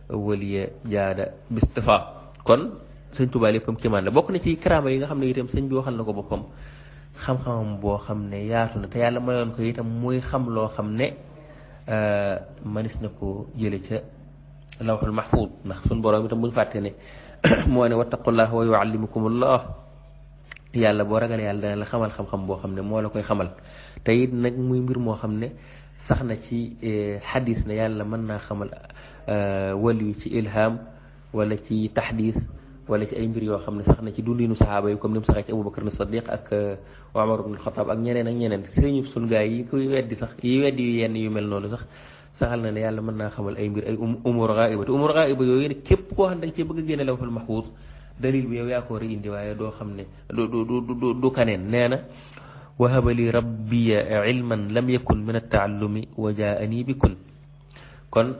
waliya jaada bistafa kon sëñ Touba léppam kiimaan la bokk na ci karaama yi nga xam ne itam sëñ bi waxal na ko boppam xam xam boo xam ne yaatu na te yàlla mayoon ko itam muy xam loo xam ne manis na ko jële ca lawxul mahfud ndax sun borom itam buñ fàtte ne moo ne wattaqullah wa yuallimukumullah yàlla boo ragal yàlla dana la xamal xam-xam boo xam ne moo la koy xamal te it nag muy mbir moo xam ne sax na ci xadis ne yàlla mën naa xamal waliyu ci ilham wala ci taxdis wala ci ay mbir yoo xam ne sax na ci dundinu saxaaba yi comme ni mu saxee ci aboubacar na sadiq ak omar uh, ibn xataab ak ñeneen ak ñeneen sëriñu sun gaa yi kuy weddi sax yi weddi yu yenn mel noonu sax saxal na ne yàlla mën naa xamal ay mbir ay um-, umur gaiba te umur gaiba yooyu ne képp koo xam ne da bëgg a génne lawhul mahfuus dalil bi ko doo xam ne du du du kaneen nee na wahaba li rabbiya ilman lam yakun min a taallumi wa jaani bikun kon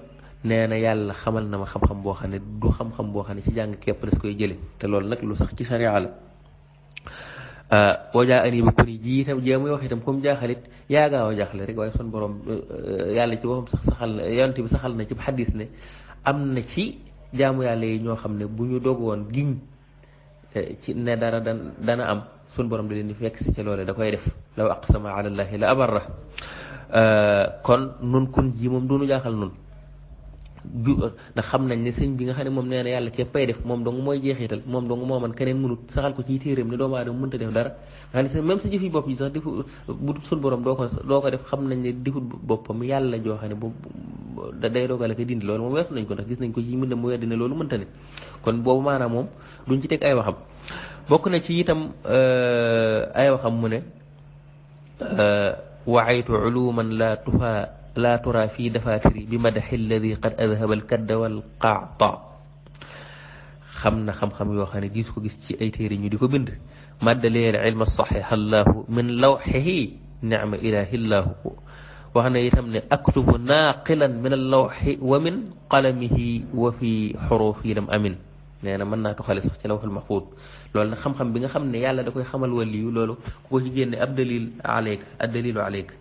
nee na yàlla xamal na ma xam-xam boo xam ne du xam boo xam ne ci jàng képp des koy jële te loolu nag lu sax ci sariya la boo ani bu kon ji itam jéem wax itam comme jaaxalit yaa gaaw a jaaxle rek borom eh, yàlla ci boppam sax saxal na na ci xadis ne am na ci jaamu yàlla yi ñoo xam ne bu ñu dog woon giñ eh, ci ne dara dana am sun borom da leen di fekk si ca loole da koy def law aqsama ala allahi la abarra eh, kon nun kun ji moom du nu jaaxal nun ju ndax xam nañ ne sëñ bi nga xam ne moom nee na yàlla képp ay def moom dong mooy jeexital moom dong moo man keneen mënut saxal ko ci téeréem ne doomu aadama mënta def dara nga xam ne même sa jëf yi bopp yi sax defu bu suñ borom doo ko doo ko def xam ne defut boppam yàlla joo xam ne day dogale dindi loolu moom weesu nañ ko ndax gis nañ ko ci mën na mu weddi ne loolu mënta ne kon boobu maanaam moom duñ ci teg ay waxam bokk na ci itam euh, ay waxam mu ne euh, waaytu uluman la tufa لا ترى في دفاتري بمدح الذي قد أذهب الكد والقعطاء خمنا خم خم يوخاني جيسكو جيسكي أي تيري نيديكو بند مادة ليل علم الصحيح الله من لوحه نعم إله الله وهنا يتمني أكتب ناقلا من اللوح ومن قلمه وفي حروفه لم أمن يعني أنا منا تخلص في لوح المحفوظ لو خم خم بين خم نيالا دكوي خم الولي لولو كوجي جيني أبدليل عليك أدليل عليك, أبدليل عليك.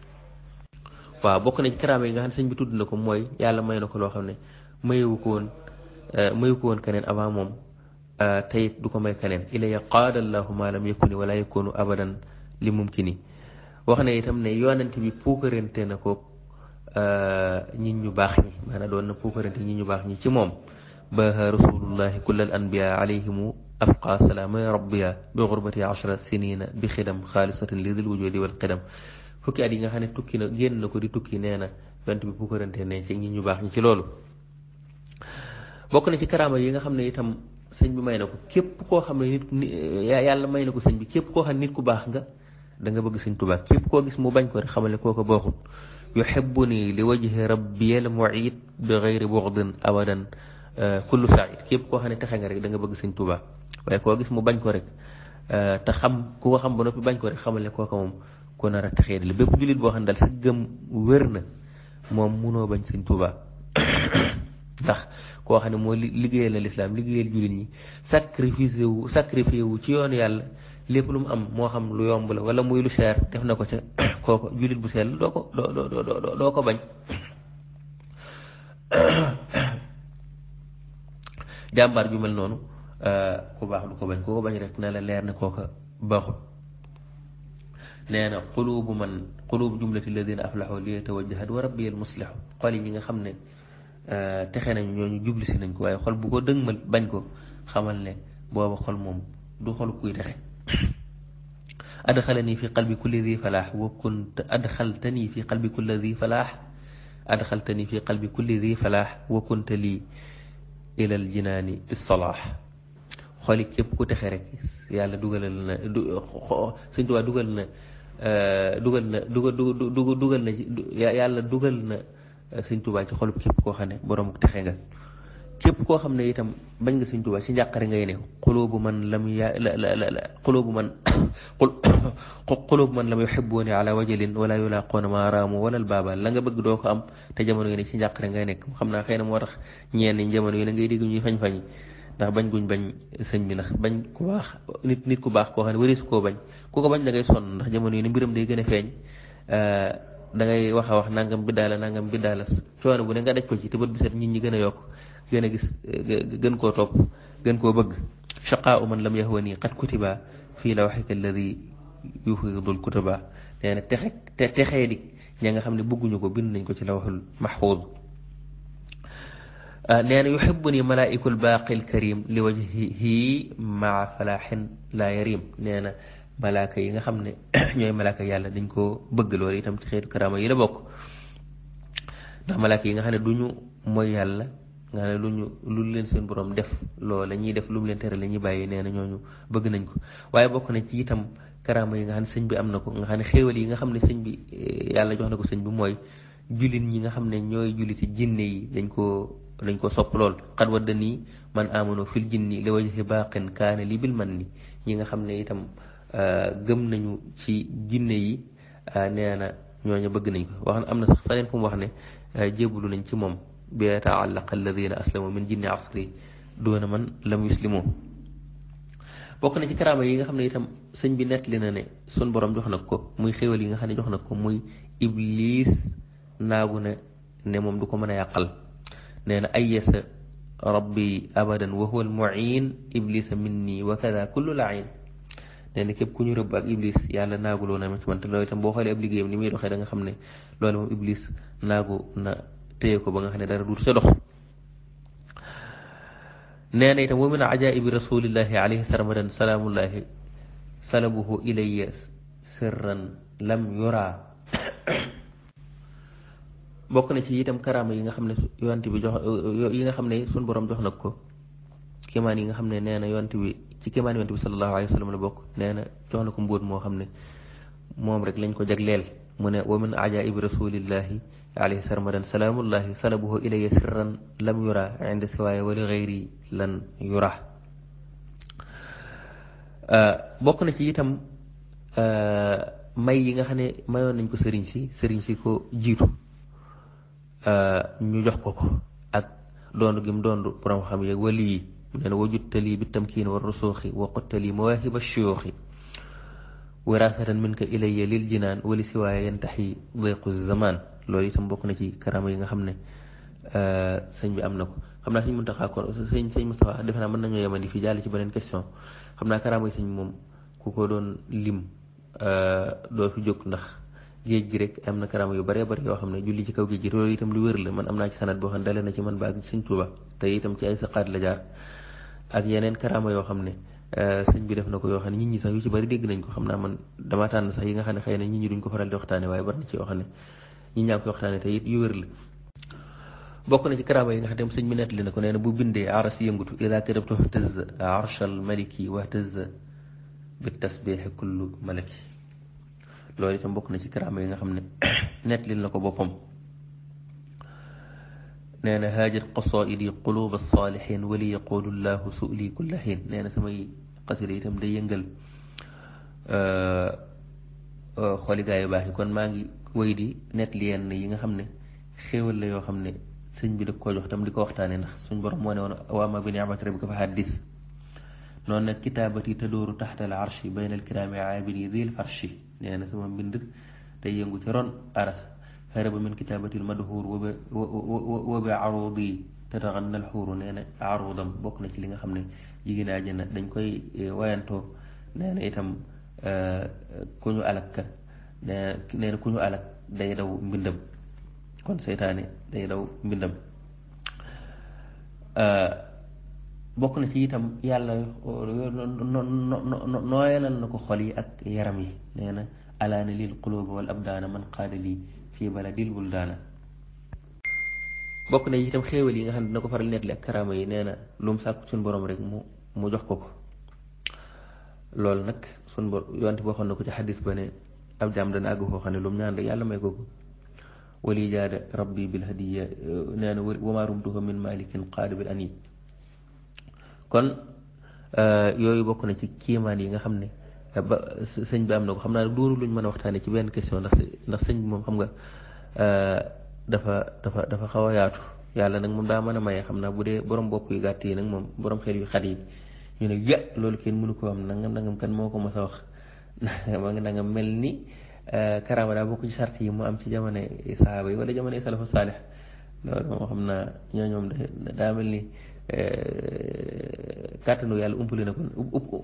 waaw bokk na ci karaama yi nga xam ne sëñ bi tudd na ko mooy yàlla may na ko loo xam ne mayewu ko woon mayu ko woon keneen avant moom tayit du ko may keneen ilaya qaada allahu ma lam yakuni wala yakunu abadan li mumkini wax na itam ne yoonante bi puukarante na ko ñit ñu baax ñi maanaam doon na puukarante ñit ñu baax ñi ci moom baaha rasulullahi kulla al anbiya alayhimu afqa salaama rabbiya bi xurbati ashra sinina bi xidam xaalisatin li dil wujudi wal qidam fukki at yi nga xam ne tukki na génn na ko di tukki nee na yonent bi puukarante ne ci ñu baax ñi ci loolu bokk na ci karaama yi nga xam ne itam sëñ bi may na ko képp koo xam ne nit yàlla may na ko sëñ bi képp koo xam ne nit ku baax nga da nga bëgg sëñ tubaa képp koo gis mu bañ ko xamale koo ko baaxut yuhibbuni li wajhi rabbiyal mu'id bi ghayri bughdin abadan euh, kullu saa'id képp koo xam ne texe nga rek da nga bëgg sëñ Tuubaa waaye koo gis mu bañ ko rek euh, te xam ku ko xam ba noppi bañ ko rek xamale kooka moom ko nar a taxee la bépp jullit boo xam ne daal sa gëm wér na moom munoo bañ sañ Tuubaa ndax koo xam ne moo liggéeyal na lislaam liggéeyal jullit ñi sacrifice wu ci yoonu yàlla lépp lu mu am moo xam lu yomb la wala muy lu cher def na ko ca kooku jullit bu sell doo ko doo doo doo doo ko bañ jàmbaar ju noonu euh, ku baax du ko bañ koo ko bañ rek na la leer ne kooka baaxul نانا قلوب من قلوب جملة الذين أفلحوا ليتوجهوا وربي المصلح قال من خمنة تخنا نيون جبل سنن كواي خل بوكو دنگ مل بانكو خمال نه بوابا خل موم دو خل كوي تخي أدخلني في قلب كل ذي فلاح وكنت أدخلتني في قلب كل ذي فلاح أدخلتني في قلب كل ذي فلاح وكنت لي إلى الجنان الصلاح خالي كيب كو تخي رك يالا دوغل لنا سنتوا دوغل لنا Euh, dugal na dugal dugal dugal na ci yàlla dugal na euh, sëñ Tuubaa ci xolub képp koo xam ne borom texe nga képp koo xam ne itam bañ nga sëñ Tuubaa ci njàqare ngay ne xuloobu man lam ya la la la xuloobu man xuloobu man lam yuhibbuuni ala wajalin wala yulaaqoona ma raamu wala baaba la nga bëgg doo ko am te jamono yi ne ci njàqare ngay nekk xam naa xëy na moo tax ñeen ñi jamono yi la ngay dégg fañ-fañ ndax bañ guñ bañ señ bi ndax bañ ku baax nit nit ku baax koo xam ne ko koo bañ ku ko bañ da ngay son ndax jamono yi ni mbiram day gën a feeñ da ngay wax a wax nangam bi daala nangam bi daala coono bu ne nga daj ko ci te bët bi set nit ñi gën a yokk gën a gis gën koo topp gën koo bëgg shaqaa'u man lam yahwani qad kutiba fi lawhika alladhi yufidul kutaba nee na texe te di ña nga xam ne bëgguñu ko bind nañ ko ci lawhul maxfuud nee na yuhibbuni malaa'ikul baaqil karim li wajhihi maa falaaxin laa yarim nee na malaaka yi nga xam ne ñooy malaaka yàlla dañ ko bëgg loolu itam ci xeetu karaama yi bokk ndax malaaka yi nga xam ne duñu mooy yàlla nga ne lu ñu leen seen borom def loolu la ñuy def lu mu leen tere la ñuy bàyyi nee na ñooñu bëgg nañ ko waaye bokk na ci itam karaama yi nga xam ne sëñ bi am na ko nga xam ne xéewal yi nga xam ne sëñ bi eh, yàlla jox na ko sëñ bi mooy jullit ñi nga xam ne ñooy julliti jinne yi dañ ko lañ ko sopp lool xat wadda nii man amano fil jinni li wajhi baaqin kaane li bil man ni ñi nga xam ne itam euh, gëm nañu ci jinne yi euh, nee na ñooñu bëgg nañ ko wax am na sax feneen fu mu wax ne euh, jébbalu nañ ci moom la yata'allaqa alladina aslamu min jinni asri doona man lam yuslimu bokk na ci karaama yi nga xam ne itam sëñ bi nettali na ne sun borom jox nag ko muy xéwal yi nga xam ne jox nag ko muy iblis naagu na ne moom du ko mën a yàqal نين أيس ربي أبدا وهو المعين إبليس مني وكذا كل لعين نين كيف كوني ربك إبليس يا الله ناقو لونا ما تمنت لو يتم بوخال إبليس يمني ميرو خير أنا خمني لونا إبليس ناقو نا تيكو بنا خنا دار دور سلوخ نين يتم ومن عجائب رسول الله عليه السلام سلام الله سلبه إلي سرا لم يرى bokk na ci itam karaama yi nga xam ne yonent bi jox euh, yi nga xam ne sunu borom jox na ko kéemaan yi nga xam ne nee na yonent bi ci kéemaan yonent bi sallallahu alayhi wa sallam la bokk nee na jox na ko moo xam ne moom rek lañ ko jagleel mu ne wa min ajaibi rasulillahi alayhi sarmadan salaamullahi salabuhu ilayya sirran lam yura inda siwaaya wali gayri lan yura euh, bokk na ci itam euh, may yi nga xam ne mayoon nañ ko sëriñ si sëriñ si ko jiitu Euh, ñu jox ko ko ak doondu gi mu doondu borom xam yeeg wali yi mu ne wajuttalii bi tamkiin wa rusuuxi wa quttalii mawaahiba shuyuuxi wiraasatan min ka ilayya lil jinaan wali siwaaya yantaxi dayqu zaman loolu itam bokk na ci karama yi nga xam ne euh, sëñ bi am na ko xam naa sëñ Muntaxa kon sëñ sëñ Moustapha defe naa mën nañoo yemandi fii jàll ci beneen question xam naa karama yi moom ku ko doon lim euh, doo fi jóg ndax géej gi rek am na karaama yu bare bari yoo xam ne julli ci kaw géej gi loolu itam lu wér la man am naa ci sanat boo xam ne dale na ci man ba ak yeneen karaama yoo xam ne euh, sëñ bi def na ko yoo xam ne nit ñi sax yu bari dégg nañ ko xam xam ne xëy na nit ñi ne nit ñaa ngi koy waxtaane te wér la bokk na ci karaama yi nga xam ne sëñ bi nettali na ko nee na bu bindee aras yëngutu ila karabtu htaz arshal maliki wa htaz bi tasbixi kullu malaki loolu itam bokk na ci karaama yi nga xam ne nett lil na ko boppam nee na haajat qasaidi quluub alsaalihin wali yaqulu llahu suli kulla xiin nee na samay xasida itam day yëngal euh, euh, xooli gaa baax yi kon maa ngi wéy di nett li yenn yi nga xam ne xewal la yoo xam ne sëñ bi da koo tam di ko waxtaane nax suñ borom moo ne woon waama bi ni'mati rabbika fa haddis لأن الكتابة تدور تحت العرش بين الكرام عابدي ذي الفرش يعني ثم ذلك تيين ترون أرس هرب من كتابة المدهور وبعروضي تتغنى الحور نانا عروضم بقنا لنغا خمنا يجينا جنة دنكوي وينتو نانا يتم كنو ألك نانا كنو ألك دايدو daw كون سيطاني دايدو day bokk na ci itam yàlla nooyalal na ko xol yi ak yaram yi nee na alaana lil quluuba wal abdaana man qaada lii fii baladil buldaana bokk na ci itam xéewal yi nga xam ne dina ko faral nettali ak karaama yi nee na lu mu sàkk suñ borom rek mu mu jox ko ko loolu nag sun bor yonte boo xam ne ko ci xadis ba ne ab jaam dana àgg foo xam ne lu mu ñaan rek yàlla may ko ko wali jaada rabbi bil hadiya nee na wamaa rumtuhu min malikin qaada bil anib kon euh, yooyu bokk na ci kiimaan yi nga xam ne ba sëñ bi am na ko xam naa ne dóoru luñ mën a waxtaane ci benn question ndax ndax sëñ bi moom xam nga euh, dafa dafa dafa xaw a yaatu yàlla nag moom daa mën a maye xam naa bu dee borom bopp yu gàtt yi nag moom borom xel yu xat yi ñu ne ya loolu kenn mënu ko am nangam nangam kan moo ko mos a wax ma mel ni euh, karaama daa bokk ci sart yi mu am ci jamono sahaaba yi wala jamono salafu saalih loolu moom xam naa ñooñoom daa mel ni Eh, kàttanu yàlla umpule na ko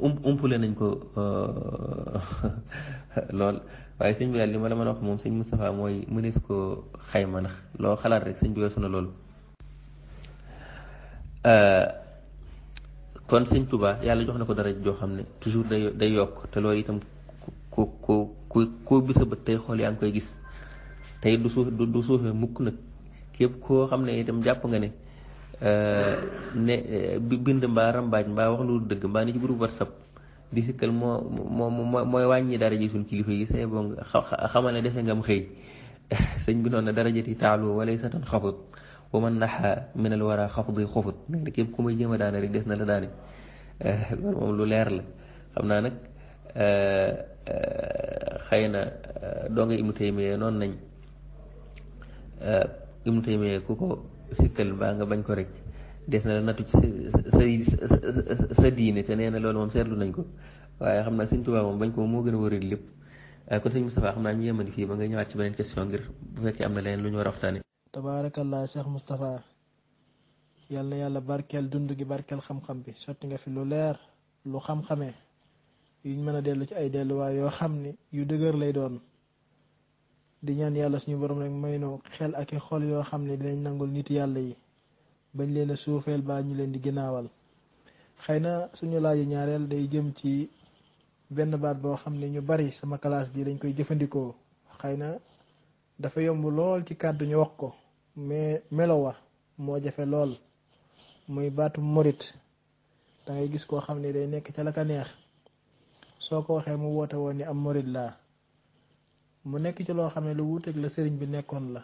um-, umpule nañ ko euh, lool waaye sëñ bi daal li ma la mën a wax moom sëñ Moustapha mooy mënees ko xayma ndax loo xalaat rek sëñ bi weesu loolu euh, kon sëñ Touba yàlla jox na ko dara joo xam ne toujours day day yokk te loolu itam ku ku ku koo bisa bët tey xool yaa ngi koy gis tey du suuf du suufee mukk nag képp koo xam ne itam jàpp nga ne Euh, ne euh, bind mbaa rambaaj mbaa wax lu dëgg mbaa ne ci groupe whatsapp di sikkal moo moo mooy wàññi dara ji suñ kilifa yi say bon xamal ne defe nga am xëy sëñ bi noonu darajati taalu walay sa tan xafut wa na képp ku may jéem a daane rek na la daane lu leer la xam naa nag euh, xëy na doo nga Ibnu Taymiya nañ Ibnu Taymiya ku ko sikkal baa nga bañ ko rek des na la nattu ci sa sa sa diine te nee na loolu moom seetlu nañ ko waaye xam naa sëñ Tuubaa moom bañ ko moo gën a wëral lépp ah, kon sëñ Moustapha xam naa ñu yemandi fii ba nga ñëwaat ci beneen question ngir bu fekkee am na leneen lu ñu war a waxtaane tabaarakallaa Cheikh Moustapha yàlla barkeel dund gi barkeel xam-xam bi sotti nga fi lu leer lu xam-xamee yuñ mën a dellu ci ay delluwaay yoo xam ni yu dëgër lay doon di ñaan yàlla suñu borom rek may noo xel ak xol yoo xam ne dinañ nangul nit yàlla yi bañ leen a suufeel ba ñu leen di ginnaawal xëy na suñu laaj ñaareel day jëm ci benn baat boo xam ne ñu bari sama classe gi dañ koy jëfandikoo xëy na dafa yomb lool ci kàddu ñu wax ko mais melo wa moo jafe lool muy baatu morit da ngay gis koo xam ne day nekk ca la ka neex soo ko waxee mu woote woon ni am morit laa mu nekk ci loo xam ne lu wuuteeg la sëriñ bi nekkoon la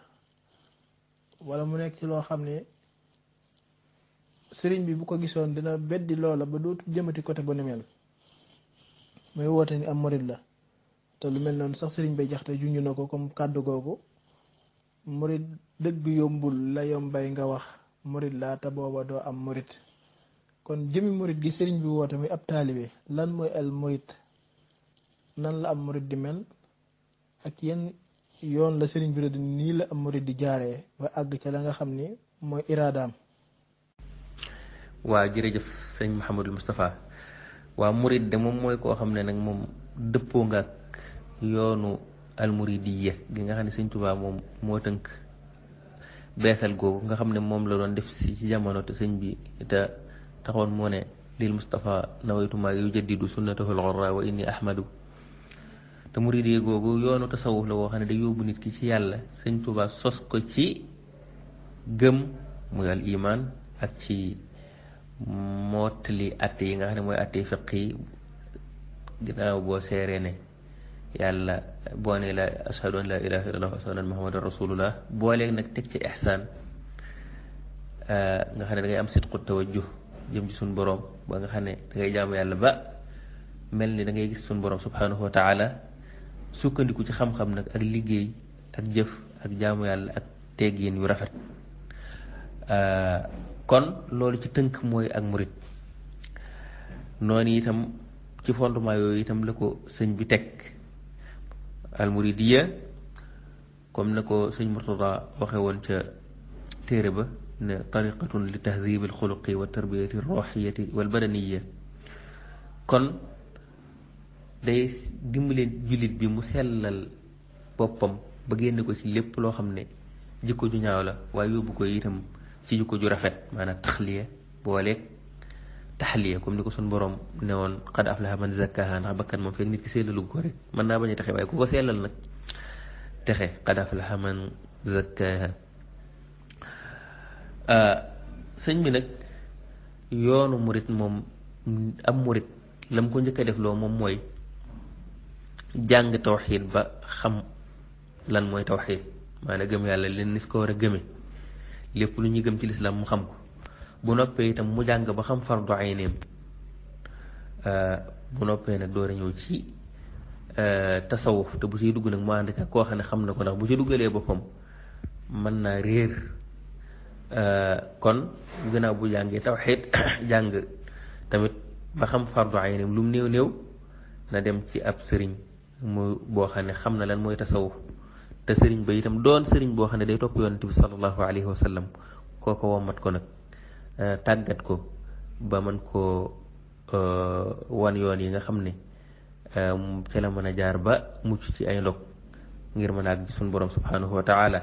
wala mu nekk ci loo xam ne sëriñ bi bu ko gisoon dina beddi loola ba dootu jëmati côté bu ni mel muy woote ni am murit la te lu mel noonu sax sëriñ bi bay jaxte junju na ko comme kàddu googu murit dëgg yombul la yombay nga wax murit laa te booba doo am morit kon jëmi morit gi sëriñ bi woote muy ab taalibe lan mooy al murit nan la am murit di mel ak yenn yoon la sëriñ bi rëdd nii la am murid di jaaree ba àgg ca la nga xam ni mooy iraadaam waa jërëjëf sëñ Mouhamadul Moustapha waa murid de moom mooy koo xam ne nag moom dëppoo nga ak yoonu almuridiyya gi nga xam ne sëñ Tuubaa moom moo tënk beesal nga xam ne moom la doon def si ci jamono te sëñ bi te taxoon moo ne lil mustapha nawaytuma maa yu sunnatahu al-ghurra wa inni ahmadu te muridee googu yoonu tasawuf la woo xam ne day yóbbu nit ki ci yàlla sëñ Tuubaa sos ko ci gëm muy al ak ci mottali yi nga ne mooy atte fiq yi ginnaaw boo seeree ne yàlla boo ne la ashhadu nag teg ci ihsaan ah, nga xam ne da ngay am sidqu tawajjuh jëm ci suñu boroom ba nga xam ne da ngay yàlla ba mel ni da gis suñu boroom subhanahu wa sukkandiku ci xam-xam nak ak liggey ak jëf ak jaamu yàlla ak teggin yu rafet euh kon loolu ci teunk moy ak murit noonu itam ci fondement yoy itam la ko sëñ bi tek al muridiya comme nako ko sëñ murtada waxe won ci téré ba ne tariqatun li tahdib al khuluqi wa tarbiyati ruuxiyati wal badaniyya kon day dimbalé julit bi mu sellal bopam ba génn ko ci lépp lo xamné jikko ju ñaaw la waaye yóbbu ko itam ci jikko ju rafet manana takhliya bolé taxliya kum ni ko sun borom newon qad aflaha man zakkaha ndax bakkan moom fek nit ki sellalu ko rek man na bañu taxé way ku ko sellal nak taxé qad aflaha man zakkaha sëñ bi nak yoonu mourid mom am mourid lam ko ñëkke def lo mom moy jàng tawxiid ba xam lan mooy tawxiid maanaam gëm yàlla leen nis ko war a gëme lépp lu ñuy gëm ci lislaam mu xam ko bu noppee itam mu jàng ba xam fardu ayneem bu noppee nag door a ñëw ci bu ciy dugg nag mu ànd ne xam na ko ndax bu ci duggalee boppam mën naa réer kon gannaaw bu jàngee tawxiid jàng tamit ba xam fardu ayneem lu mu néew new na dem ci ab sëriñ mu boo xam ne xam na lan mooy tasawuf te sëriñ ba itam doon sëriñ boo xam ne day topp yonent bi sallallahu alayhi wa sallam kooko womat ko nag tàggat ko ba mën koo wan yoon yi nga xam ne ci la mën a jaar ba mucc ci ay ndog ngir mën a ak suñ borom subhanahu wa taala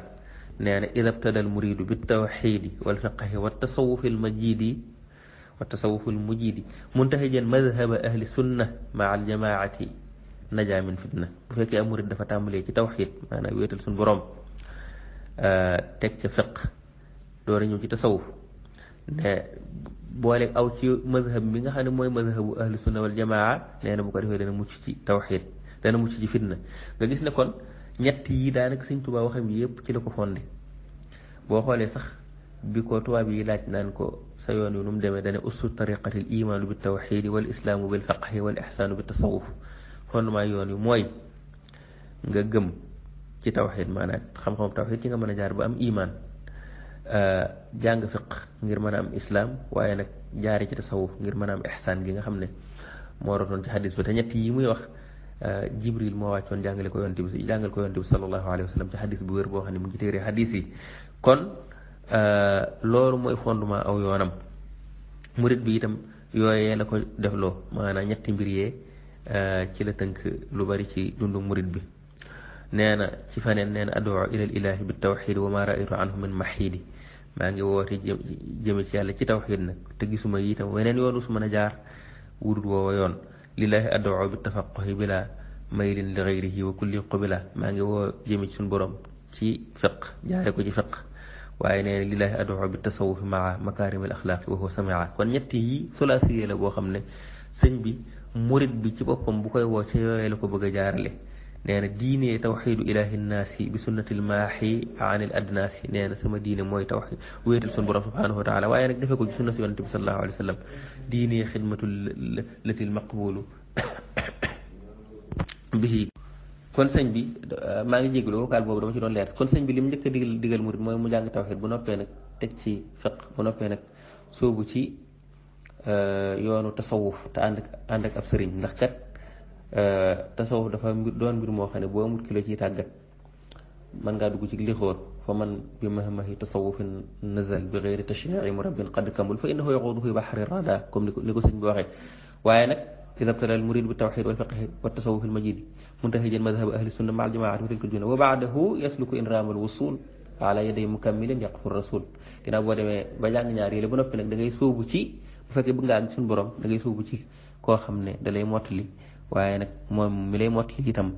nee na ida btada al muridu biltawxidi walfiqahi waltasawufi almajidi والتصوف المجيد منتهجا مذهب أهل السنة مع الجماعة نجا من فتنة بفك أمور الدفع تعملي كي توحيد أنا ويت السن برام تك تفق دورين يوم تسوف بوالك أو كي مذهب مين هذا مو مذهب أهل السنة والجماعة لأن أبو كريم لأن مشتي توحيد لأن مشتي فتنة قديس نكون نتي دانا كسين تبا وخم يب كيلو كفوندي بو خولي صح بيكو توا بي لاج نانكو سيون نوم ديمي داني اصول طريقه الايمان بالتوحيد والاسلام بالفقه والاحسان بالتصوف kon ma yoon yu mooy nga gëm ci tawhid maanaam xam-xam tawhid ci nga mën jaar ba am iman euh, jàng fiq ngir mën a am islam waaye nag jaare ci tasawuf ngir mën a am ihsan gi nga xam ne moo rotoon ci hadis bi te ñett yi muy wax euh, jibril moo wàccoon jàngale ko yonte bi jàngal ko yonte bi sallallahu alayhi wa sallam ci xadis bu wér boo xam ne mu ngi téere yi kon euh, loolu mooy fondement aw yoonam murid bi itam yooyee la ko defloo maanaam ñetti mbir yee ci la tënk lu bari ci dundu murid bi neena ci fanen neena ad'u ila al ilahi bit-tawhid wa ma ra'aytu anhu min mahid ma ngi woti jëme ci yàlla ci tawhid nak te gisuma itam weneen yoon su mën a jaar wudul wo yoon lillahi ad'u bit tafaquhi bila maylin li gayrihi wa kulli qibla ma ngi wo jëme ci sun borom ci fiq jaare ko ci fiq waye nee na lillahi adoo bi tasawufi maa al-akhlaq wa huwa samia kon ñetti yi sulasiyela bo xamne sëñ bi murit bi ci boppam bu koy woo ci yooyee la ko bëgg a jaarale nee na diine tawxiidu ilahi nnaasi bi sunnatil maaxi anil adnaasi nee na sama diine mooy tawxiid wéetal sun borom subhanahu wa taala waaye nag defee ko ci sunna si yonante bi salallahu alayhi wa sallam diine xidmatul latil maqbulu bihi kon sëñ bi uh, maa ngi jégalu vocal boobu dama ci doon leer bi li mu njëkk a digal murit mooy mu jàng tawxiid bu noppee nag teg ci fiq bu noppee nag soobu ci yoonu tasawuf te ànd ak ànd ak ab sëriñ ndax kat tasawuf dafa doon mbir moo xam ne boo amut kilo ciy tàggat mën ngaa dugg ci lixóor fa man bi mahmahi tasawufin nazal bi xëyri tashrii murabbin qad kamul fa innahu yaqudu fi baxri rada comme ni ko li ko sëñ bi waxee waaye nag إذا ابتلى المريد بالتوحيد والفقه والتصوف المجيد منتهجا مذهب أهل السنة مع الجماعة وتلك الجنة وبعده يسلك إن رام الوصول على يدي مكمل يقف الرسول كنا بودي بجان نياري لبنو بنك دغاي سوبو bu fekkee bëgg nga àgg suñ borom da ngay sóobu ci koo xam ne da lay mottali waaye nag moom mi lay mottali itam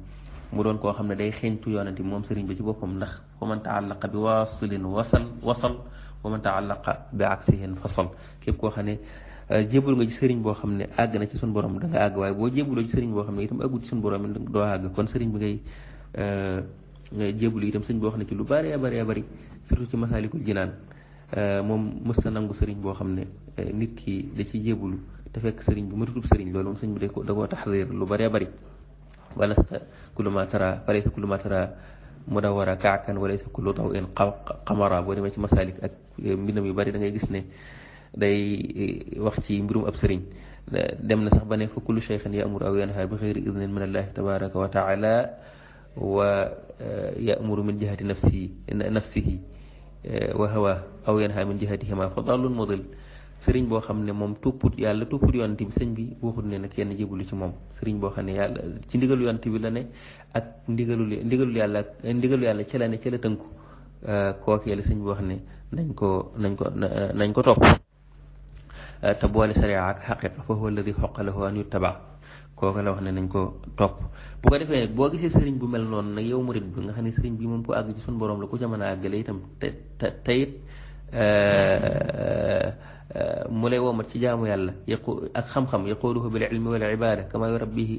mu doon koo xam ne day xeeñtu yoonante moom sëriñ bi ci boppam ndax wa man taallaqa bi waasilin wasal wasal wa man taallaqa bi aksihin fasal képp koo xam ne jébul nga ci sëriñ boo xam ne àgg na ci suñ borom da nga àgg waaye boo jébuloo ci sëriñ boo xam ne itam àggu ci suñ borom doo àgg kon sëriñ bi ngay ngay jébulu itam sëriñ boo xam ne ci lu bëree bëree bëri surtout ci masaalikul jinaan Euh, moom mës nangu sëriñ boo xam ne euh, nit ki da ci jébulu te fekk sëriñ bi matutub sëriñ loolu moom sëñ bu da ko da koo lu bëree bëri wala sa kuluma tara wala sa kuluma kaakan wala sa kulu ci masalik ak euh, yu bëri da ngay gis ne day wax ci mbirum ab sëriñ dem na sax ba ne fa kullu cheikhin yamuru aw yanha bi xeyri idnin min allahi tabaraka wa taala wa yamuru min jihati nafsi nafsihi Eh, wa hawaa aw yanha min jihatihima fa dallun mudil sëriñ boo xam ne moom tupput yàlla tupput yonent bi sëñ bi waxut ne na kenn jébbalu ci moom sëriñ boo xam ne yàlla ci ndigalu yonent la ne ak ndigalul ndigalul yàlla ndigalu yàlla ci la ne ci la tënku eh, sëñ bi wax ne nañ ko nañ ko nañ ko topp eh, te boole sariya ak xaqiqa fa huwa alladi xoqa lahu an yuttaba kooku la wax ne nañ ko topp bu ko defee nag sëriñ bu mel noonu nag yow murit bi nga xam ne sëriñ bi moom ko àgg ci la ku ca mën a àggale te te teyit euh, euh, mu lay womat ci jaamu yàlla yaqu ak xam-xam yaquuluhu bil ilmi wal ibada kama yurabbihi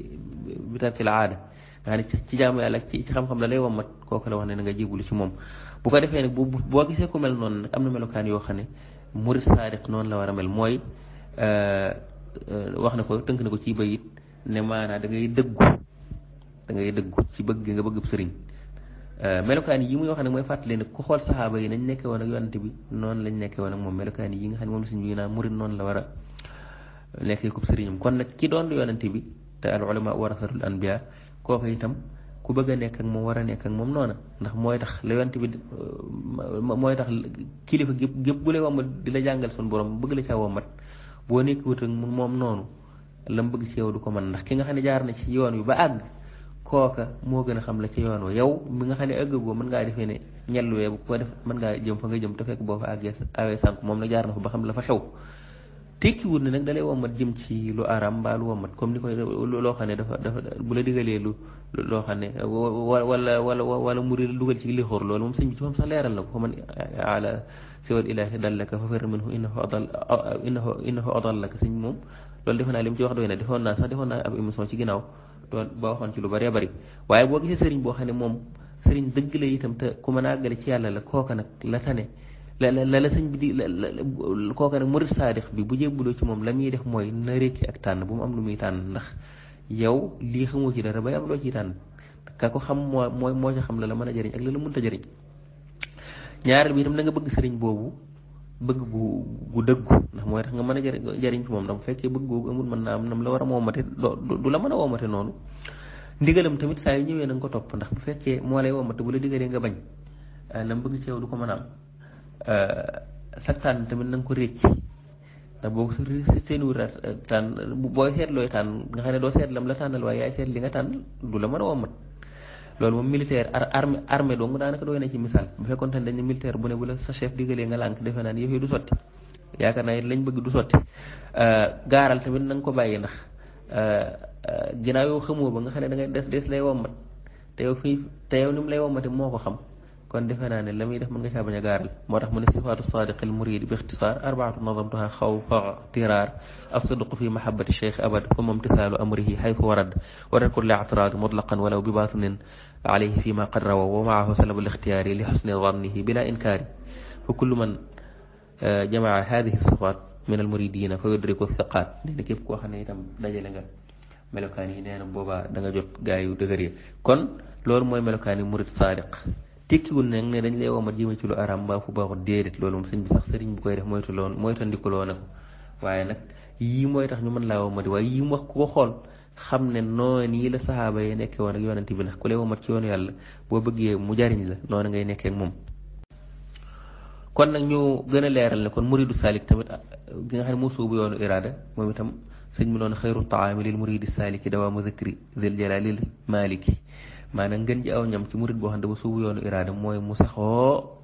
bi tarkil aada nga xam ci jaamu yàlla ci ci xam-xam la lay womat kooku la wax ne na nga jébbalu ci moom bu ko defee nag bu boo gisee ku mel noonu nag am na melokaan yoo xam ne murit saadiq noonu la war a mel mooy euh, wax na ko tënk na ko ci bayit ne maanaam da ngay dëggu da ngay dëggu ci bëgg nga bëgg sëriñ euh, melokaan yi muy wax nag mooy fàttali nag ku xool saxaaba yi nañ nekke woon ak yonante bi noonu lañ nekke woon ak moom melokaan yi nga xam ne moom la suñu naan murid noonu la war a nekkee ko sëriñam kon nag ki doon yonante bi te al ulama warasatul anbiya kooku itam ku bëgg a nekk ak war a nekk moom noona ndax mooy tax la yonante bi euh, mooy tax kilifa gépp gépp bu lay womat di la jàngal suñu borom bëgg la caa womat boo nekk wut ak moom noonu la mu bëgg ci yow du ko man ndax ki nga xam ne jaar na ci yoon wi ba àgg kooka moo gën a xam la ci yoon wa yow mi nga xam ne ëggagoo mën ngaa defee ne ñelluwee bu ko def mën ngaa jëm fa nga jëm fekk boo fa àggee awee moom nag jaar na fa ba xam la fa xew tekkiwul ne nag dalay jëm ci lu aram mbaa lu womat comme ni koy loo xam ne dafa dafa bu la digalee lu loo xam ne wala wala wala muri dugal ci lixóor loolu moom sëñ bi ci moom sax leeral na ko fa man ala siwal ilaahi dallaka fa fir minhu innahu adal innahu innahu adallaka sëñ moom loolu defe naa li mu ci wax doy na defoon naa sax defoon naa ab émission ci ginnaaw doon ba waxoon ci lu bare bëri waaye boo gisee sëriñ boo xam ne moom sëriñ dëgg la itam te ku mën a àggale ci yàlla la kooka nag la tane la la la sëñ bi di kooka nag murid saadix bi bu jébbuloo ci moom la muy def mooy na tànn bu am lu muy tànn ndax yow lii xamoo ci dara bay loo ciy tànn ka ko xam moo mooy moo ci xam la la mën a jëriñ ak la la mënta jëriñ ñaareel bi itam na nga bëgg sëriñ boobu bëgg gu gu dëggu ndax mooy tax nga mën a jariñ ci moom ndax bu fekkee bëgg googu amul mën naa am nam la war a woomate du la mën a woomate noonu ndigalam tamit saa yu ñëwee na ko topp ndax bu fekkee moo lay woomate bu la digalee nga bañ nam euh, mu bëgg ci du ko mën a am euh, saktaan tamit na nga ko récc ndax boo seenu tànn booy seet looy tànn nga xam ne doo seet lam la tànnal waaye yaay seet li nga tànn du la mën a woomat loolu moom militaire ar armée armée dong daanaka doy ne ci misaal bu fekkoon ne dañu militaire bu ne bu la sa chef digalee nga lànk defe naa ne yëf du sotti yaakaar naa it lañ bëgg du sotti euh, gaaral tamit na nga ko bàyyi ndax euh, euh, ginnaaw yow xamoo ba nga xam ne da ngay des des lay wommat te yow fii te yow ni mu lay wommate moo ko xam. kon defe naa ne la muy def mën nga caa bañ a gaaral moo tax mu ne sifaatu saadiq al murid bi ixtisaar arbaatu nadamtuha xawfa tiraar alsidqu fi mahabati cheikh abad uma imtisaalu amrihi xaytu warad wa tarku la ictiraad mutlaqan walaw bi baatinin alayhi fi ma qad rawa wa maahu salab al ixtiyaari li xusni dannihi bila inkaari fa kullu man jamaa hadihi sifaat min al muridina fa yudriku thiqaat nee na képp koo xam ne itam dajale nga melokaan yi nee na boobaa da nga jot gaa yu dëgër yi kon loolu mooy melokaan yi murid saadiq tekkiwul nag ne dañ lay womat jëme ci lu araam mbaa fu baaxut déedéet loolu moom sëñ bi sax sëriñ bi koy def mooy loon moytandikuloo na ko waaye nag yii mooy tax ñu mën laa womati waaye yii mu wax ku ko xool xam ne noonu yi la saxaaba yi nekkee woon ak yonent bi ndax ku lay womat ci yoonu yàlla boo bëggee mu jariñ la noonu ngay nekkee ak moom kon nag ñu gën a leeral ne kon muridu saalik tamit gi nga xam ne moo suubu yoonu iraada moom itam sëñ bi noonu xayru taami lil muridi saaliki dawaa mu zikri zil jalaalil maaliki maanaam ngeen ji aw ñam ci murit boo xam ne dafa suubu yoonu iraada mooy mu saxoo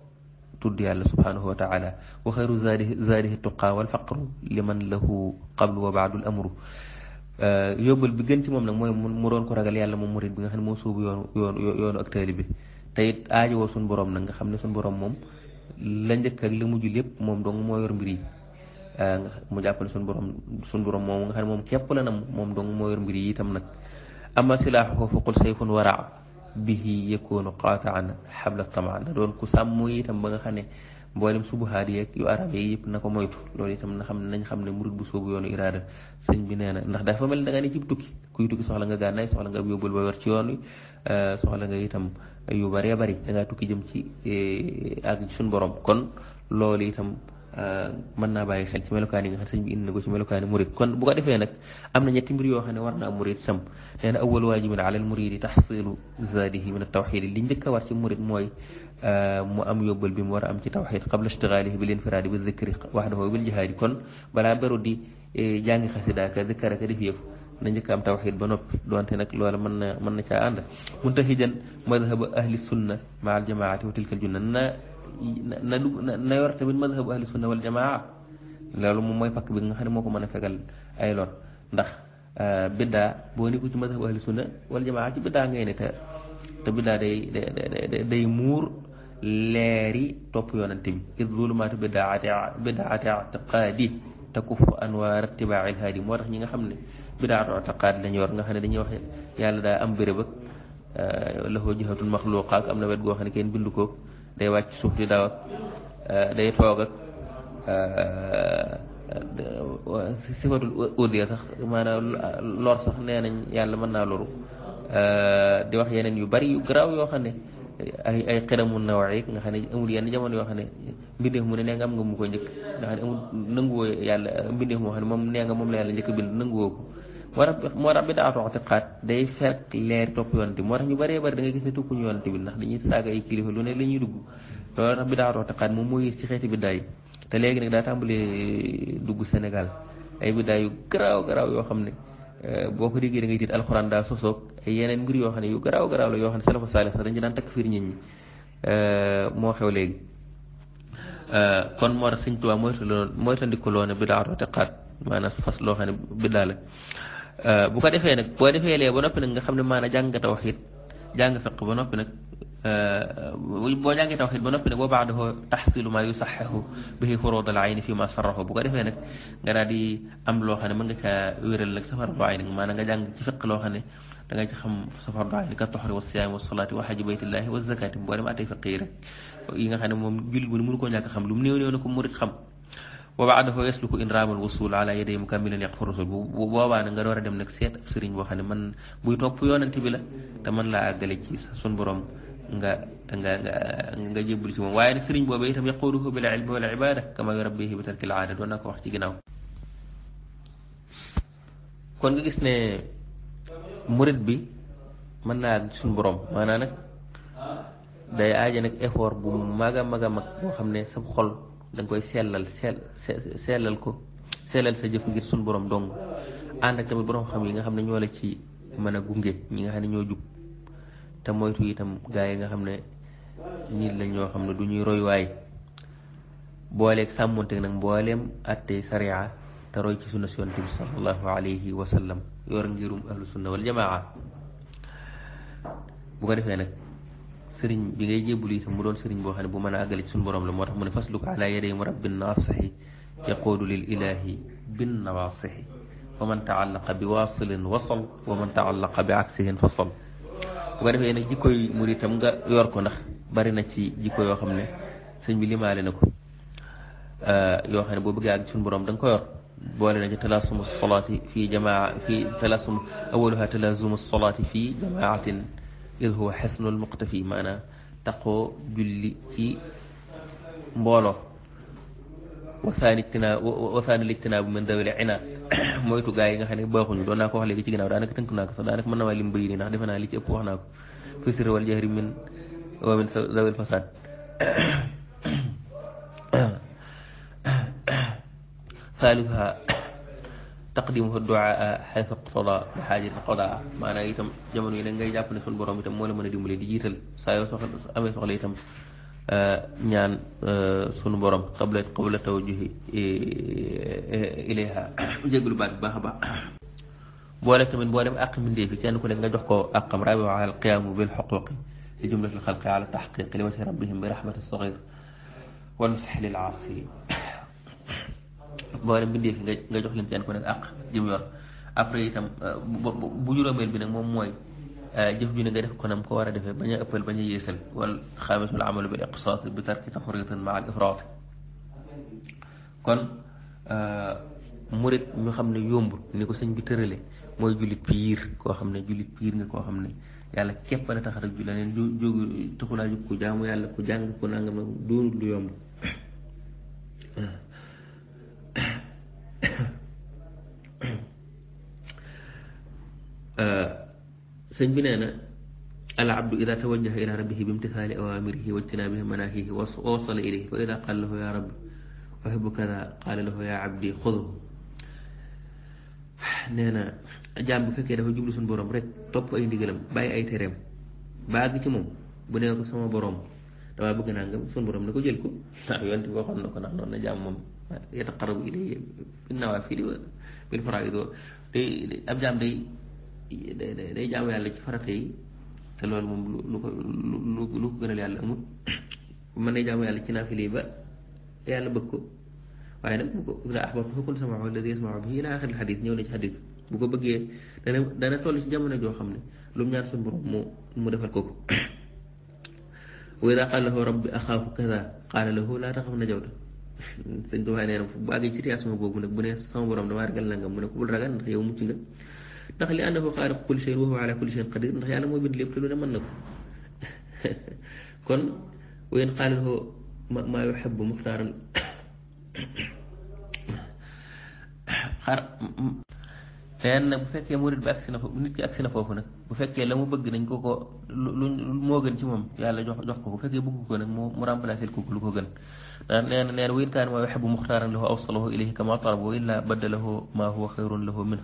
tudd yàlla subhanahu wa taala wa xayru zaadihi zaadihi tuqaa wal faqru liman lahu qablu wa baadul amru euh, yóbbal bi gën ci moom nag mooy mu doon ko ragal yàlla moom murit bi nga xam ne moo suubu yoonu yoonu yoonu ak taalibe bi te it suñu borom nag nga xam ne suñu borom moom la njëkk ak mujj lépp moom dong moo yor mbir euh, mu jàpp ne suñu borom suñu borom moom nga xam ne moom képp la nam moom dong moo yor mbir nag amma silaaxu ko fuqul sayfun waraa bihi yakunu qaataan xabla tamaan na doon ku sàmm itam ba nga xam ne mboolem subuhaat yeeg yu arab yi yëpp na ko moytu loolu itam na xam nañ xam ne murid bu soobu yoonu iraada sëñ bi nee na ndax dafa mel da nga ne cib tukki kuy tukki soxla nga gànnaay soxla nga ab yóbbul ba war ci yoon eh, soxla nga itam yu bëree bari da tukki jëm ci eh, ak suñ borom kon loolu itam mën naa bàyyi xel ci melokaan yi nga xam sëñ bi indi na ko ci melokaani murid kon bu ko defee nag am na ñetti mbir yoo xam ne war na am murid sam nee na awal waajibin alal muridi taxsilu zaadihi min altawxid li njëkk a war ci murid mooy mu am yóbbal bi mu war a am ci tawxid qabla ishtigaalihi bil infiraadi bi zikri waxdahu bil jihaadi kon balaa beru di jàngi xasidaaka zikkara ka def yëpp na njëkk am tawxid ba noppi doonte nag loola mën na mën na caa ànd muntahijan madhaba ahli sunna maa aljamaa wa tilka aljunna na dugg na yor tamit mazhabu ahli sunna wal jamaa loolu moom mooy pakk bi nga xam ne moo ko mën a fegal ay lor ndax euh, biddaa boo ni ko ci mazhabu ahli sunna wal jamaa ci biddaa ngay ne te te biddaa day day day muur leeri topp yoonante bi iz zulumaatu biddaati biddaati atiqaadi takuffu anwaar ittibaa'i moo tax ñi nga xam ne biddaatu atiqaad lañ yor nga xam ne dañuy wax yàlla daa am béréb ak euh, lahu jihatul maxluuqa ak am na wet goo xam ne kenn bindu koog day wàcc suuf di daw ak euh, day toog ak euh, euh, sifatul udiya sax maanaam lor sax nee nañ yàlla mën naa loru di wax yeneen yu bari yu garaaw yoo xam ne ay ay xiramu nawa yi nga xam yenn jamono yoo xam ne mbindeef mu ne nga am nga mu ko njëkk nga xam ne amul nanguwoo yàlla mbindeef moo xam ne moom nee nga moom la yàlla njëkk bind nanguwoo ko moo tax moo tax bi day fekk leer topp yonent bi moo tax ñu bëree bëri da ngay gis ne toppuñu yonent bi ndax dañuy saaga ay kilifa lu ne la dugg loolu tax bi moom moo yës ci xeeti biddaa yi te léegi nag daa euh, dugg Sénégal ay biddaa xam ne euh, boo ko déggee da ngay tiit alxuraan daa yoo xam ne yu garaaw garaaw la yoo xam ne salafu saalih daan takk fiir nit ñi euh, moo xew léegi kon moo tax sëñ Tuubaa loo ne fas loo xam ne biddaa la bu ko defee nag boo defee lee ba noppi nag nga xam ne maanaam jàng nga tawxid jàng fiq ba noppi nag boo jàngee tawxid ba noppi nag boo baax dafa taxsilu ma yusaxahu bi furud al ayni fi ma sarrahu bu ko defee nag nga daal di am loo xam ne mën nga caa wéral nag safar bu ayni maanaam nga jàng ci fiq loo xam ne da nga ci xam safar bu ayni ka toxri wa siyaam wa solaati wa xaji baytillahi wa zakaati boo dem atay fiq yi rek yi nga xam ne moom jullit bu ne mënu koo ñàkk xam lu mu néew néew na ko murit xam wa baadahu yasluku in raamal wusul ala yaday mukammilan yaq fa rasul bu boobaa na nga door a dem nag seet ab sëriñ boo xam ne man buy toog fu yonante bi la te mën laa àggale ci sun borom nga nga nga jébbal ci moom waaye nag sëriñ boobu itam yaquduhu bil ilmi wal ibada kama yurabbihi bi tarkil aada doon naa ko wax ci ginnaaw kon nga gis ne murit bi mën naa ak suñu borom maanaam nag day aaja nag effort bu mag a mag a mag boo xam ne sa xol da koy sellal sell sellal ko sellal sa jëf ngir suñu borom dong ànd ak tamit borom xam yi nga xam ne ñoo la ci mën a gunge ñi nga xam ne ñoo jub te moytu yi nga xam ne nit la ñoo xam du ñuy roy waay booleeg sàmmonteeg nag mbooleem attey sariya te roy ci sunna si yonte bi sallallahu alayhi wa sallam yor ngirum ahlu sunna wal jamaa bu ko defee nag sëriñ bi ngay jébbul itam mu doon sëriñ boo xam ne bu mën a àggale ci suñu borom la moo tax mu ne fasluko ala yaday mu rabbin naasixi yaquudu lil ilahi bin nawaasixi wa man taallaqa bi waasilin wasal wa man taallaqa bi aksihin fasal bu ko defee nag jikkoy mur itam nga yor ko ndax bari na ci jikko yoo xam ne sëñ bi limaale na ko eh, yoo xam ne boo bëggee àgg suñu borom da nga ko yor boole na ci talaasumu solaati fii jamaa fii talaasumu awaluha talaasumu solaati fii jamaatin إذ هو حسن المقتفي maanaam taqoo julli ci mbooloo wa thani tina wa thani lijtinaabu min dawil inaat moytu gaa yi nga xam ne baaxuñu doon naa ko wax léegi ci ginnaaw daanaka tënk naa ko sax daanaka mën na maa lim bëri nii ndax defe naa li ci ëpp wax naa ko fi sirri wal jahri min wa min dawil fasad thalitha تقدم الدعاء حيث اقتضى بحاجة القضاء ما أنا يتم جمعنا إلى نجاي جابنا في تم ولا من الدولة ديجيتل سايو سخل أمي سخل آه، نيان آه، سن برام قبل قبل توجه إليها جاقل بعد باهبا بوالك من بوالك أقم من ديفك يعني كل نجاح قو أقم رابع على القيام بالحقوق لجملة الخلق على تحقيق لوجه ربهم برحمة الصغير ونصح للعاصي boole mbindee fi nga nga jox leen kenn ko nekk àq ji mu yor après itam euh, bu juróomeel bi nag moom mooy euh, jëf ju ne nga def kon nam ko war a defee bañ a ëppal bañ a yéesal wal xaamisul amalu bil iqsaat bi tarki tafriitin ma al ifraat kon euh, murit ñu xam ne yomb ni ko sëñ bi tërale mooy jullit piir koo xam ne jullit piir nga koo xam ne yàlla képp la tax rek ju la neen jógu taxulaa jóg ku jaamu yàlla ku jàng ku nangam doonul lu yomb Euh, sëñ bi nee na al abdu ida tawajjaha ila rabbihi bi imtithaali awamirihi wa ijtinaabihi manaahihi wa wasala ilayhi fa ida qaala lahu ya rabbi uhibbu kada jaam bu fekkee dafa jublu suñu borom rek topp ay ndigalam bàyyi ay tereem baag ci moom bu nee ko sama borom damaa bëgg naa nga suñu borom ne ko jël ko ndax yonent na jaam moom يتقرب إلي بالنوافل بالفرائض day ab jaam day day jaamu yàlla ci farata yi te loolu moom lu ko lu ko gënal yàlla amul mën na jaamu yàlla ci naafile yi ba yàlla bëgg ko waaye nag bu ko ila ahbabtu fa kun samaahu alladi yasmaau bihi ila axiril xadis ñëw na ci xadis bu ko bëggee dana dana toll ci jamono joo xam ne lu mu ñaan suñu borom mu mu defal ko ko wa ida qaala lahu rabbi axaafu kada qaala lahu laa taxaf najawta sëñ Tuubaa nee na bu àggee situation boobu nag bu ne sama borom damaa ragal nangam mu ne ko bul ragal ndax yow mucc nga ndax li ànd fa xaaliqu kulli shay'in wa huwa ala kulli shay'in qadir ndax yàlla moo bind lépp te lu ne mën na ko kon wa in qaala lahu maa yuhibbu muxtaaran xar leen bu fekkee mourid bi agsi na fa nit ki agsi na foofu nag bu fekkee la mu bëgg nañ ko ko lu moo gën ci moom yàlla jox jox ko bu fekkee bëgg ko nag mu mu remplacer ko lu ko gën ndax nee na nee na wayin kaan ma yuxibu muxtaaran lahu awsalahu ilayhi kama talab wa illa baddalahu ma huwa xayrun lahu min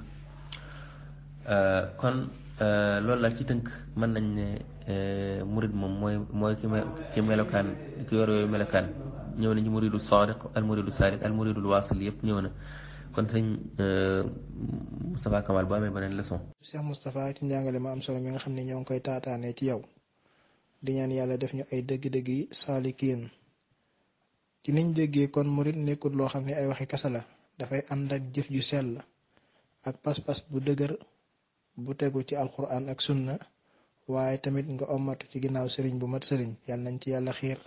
kon loolu la ci tënk mën nañ ne mourid moom mooy mooy ki ki melokaan ki yor yooyu melokaan ñëw na ñu muridu sadiq al muridu sadiq al muridu wasil yëpp ñëw na kon sëñ euh, Moustapha Kamal boo amee beneen leçon. Cheikh Moustapha ci njàngale ma am solo mi nga xam ne ñoo ngi koy taataanee ci yow di ñaan yàlla def ñu ay dëgg-dëgg yi saalikiin ci niñ déggee kon murit nekkul loo xam ne ay waxi kese la dafay ànd ak jëf ju sell ak pas-pas bu dëgër bu tegu ci alquran ak sunna waaye tamit nga ommatu ci ginnaaw sëriñ bu mat sëriñ yàlla nañ ci yàlla xiir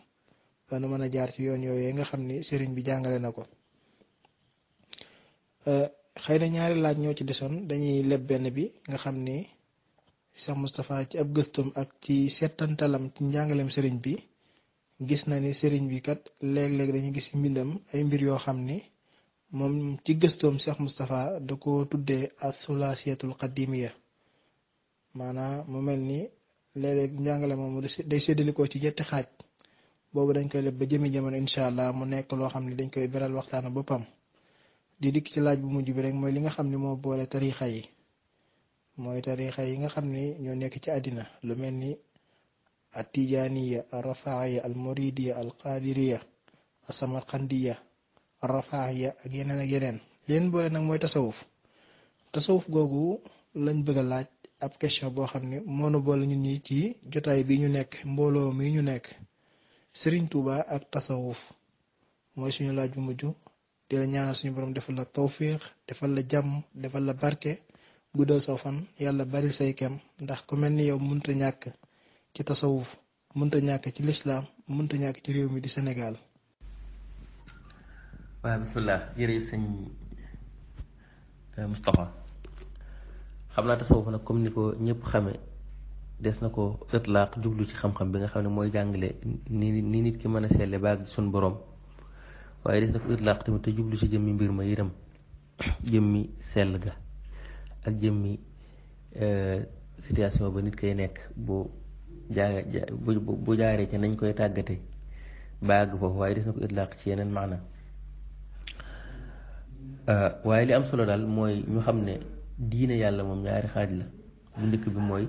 ba nu mën a jaar ci yoon yooyu nga xam ni sëriñ bi jàngale na ko. Euh, xëy na ñaari laaj ñoo ci desoon dañuy leb benn bi nga xam ni Cheikh Moustapha ci ab gëstum ak ci seetantalam ci njàngaleem sëriñ bi gis na ni sëriñ bi kat léeg-léeg dañuy gis mbindam ay mbir yoo xam ni moom ci gëstoom Cheikh Moustapha da ko tuddee asulaasiyatul qadimiya maanaam mu mel ni léeg-léeg njàngale moom day séddalikoo ci ñetti xaaj boobu dañ koy leb ba jëmi jamono incha allah mu nekk loo xam ne dañ koy beral waxtaanu boppam di dikk ci laaj bu mujj bi rek mooy li nga xam ni moo boole tarixa yi mooy tarixa yi nga xam ni ñoo nekk ci àddina lu mel ni ak yeneen ak yeneen leen boole nag mooy tasawuf tasawuf googu lañ bëgg a laaj ab question boo xam ne moonu boole ñun ñi ci jotaay bi ñu nekk mbooloo mi ñu nekk Serigne Touba ak tasawuf mooy suñu laaj bu mujj di la suñu borom defal la tawfiix defal la jàmm defal la barke guddal sa fan yàlla bari say kem ndax ku mel ni yow mënta ñàkk ci tasawuf mënta ñàkk ci lislaam mënta ñàkk ci réew mi di Sénégal. waaw bisimilah euh, xam naa tasawuf na comme ni ko ñëpp xamee des na ko ëtlaaq jublu ci xam-xam bi nga xam ne mooy jàngale ni ni nit ki mën a seetle baag suñ boroom waaye des na ko itlaaq tamit te jublu ci jëmmi mbir ma itam jëmmi sell ga ak jëmmi euh, situation ba nit koy nekk bu jaa bu jaaree ca nañ koy tàggate baag foofu waaye des na ko itlaaq ci yeneen maana euh, waaye li am solo daal mooy ñu xam ne diine yàlla moom ñaari xaaj la bu njëkk bi mooy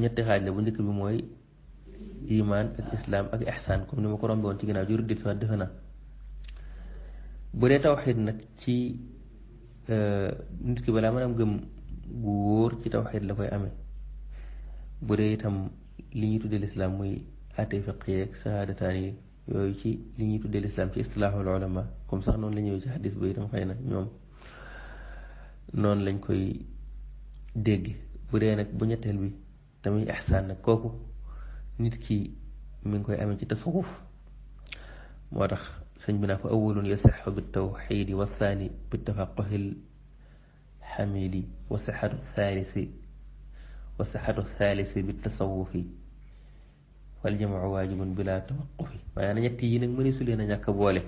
ñetti xaaj la bu njëkk bi mooy iman ak islam ak ihsaan comme ni ma ko rombe woon ci ginnaaw jur dit sama defe na bu dee tawxid nag ci euh, nit ki balaa mën am gëm gu wóor ci tawxid la koy ame bu dee itam li ñuy tuddee lislaam muy ate fiqi yeeg sahaadataan yi ci li ñuy tuddee lislaam ci istilaaxul ulama comme sax noonu la ñëwee ci xadis ba itam xëy ñoom noonu lañ koy dégg bu dee nag bu ñetteel bi tamit ihsaan nag kooku nit ki mi ngi koy amé ci tasawuf moo tax sëñ bi naa fa awalun bit tawhid wa thani bit tafaqquh al hamili wa sixatu thalith wa thalith bit tasawuf wal jam'u wajibun bila tawaqquf way na ñetti yi nak mëni sulé na ñaka bolé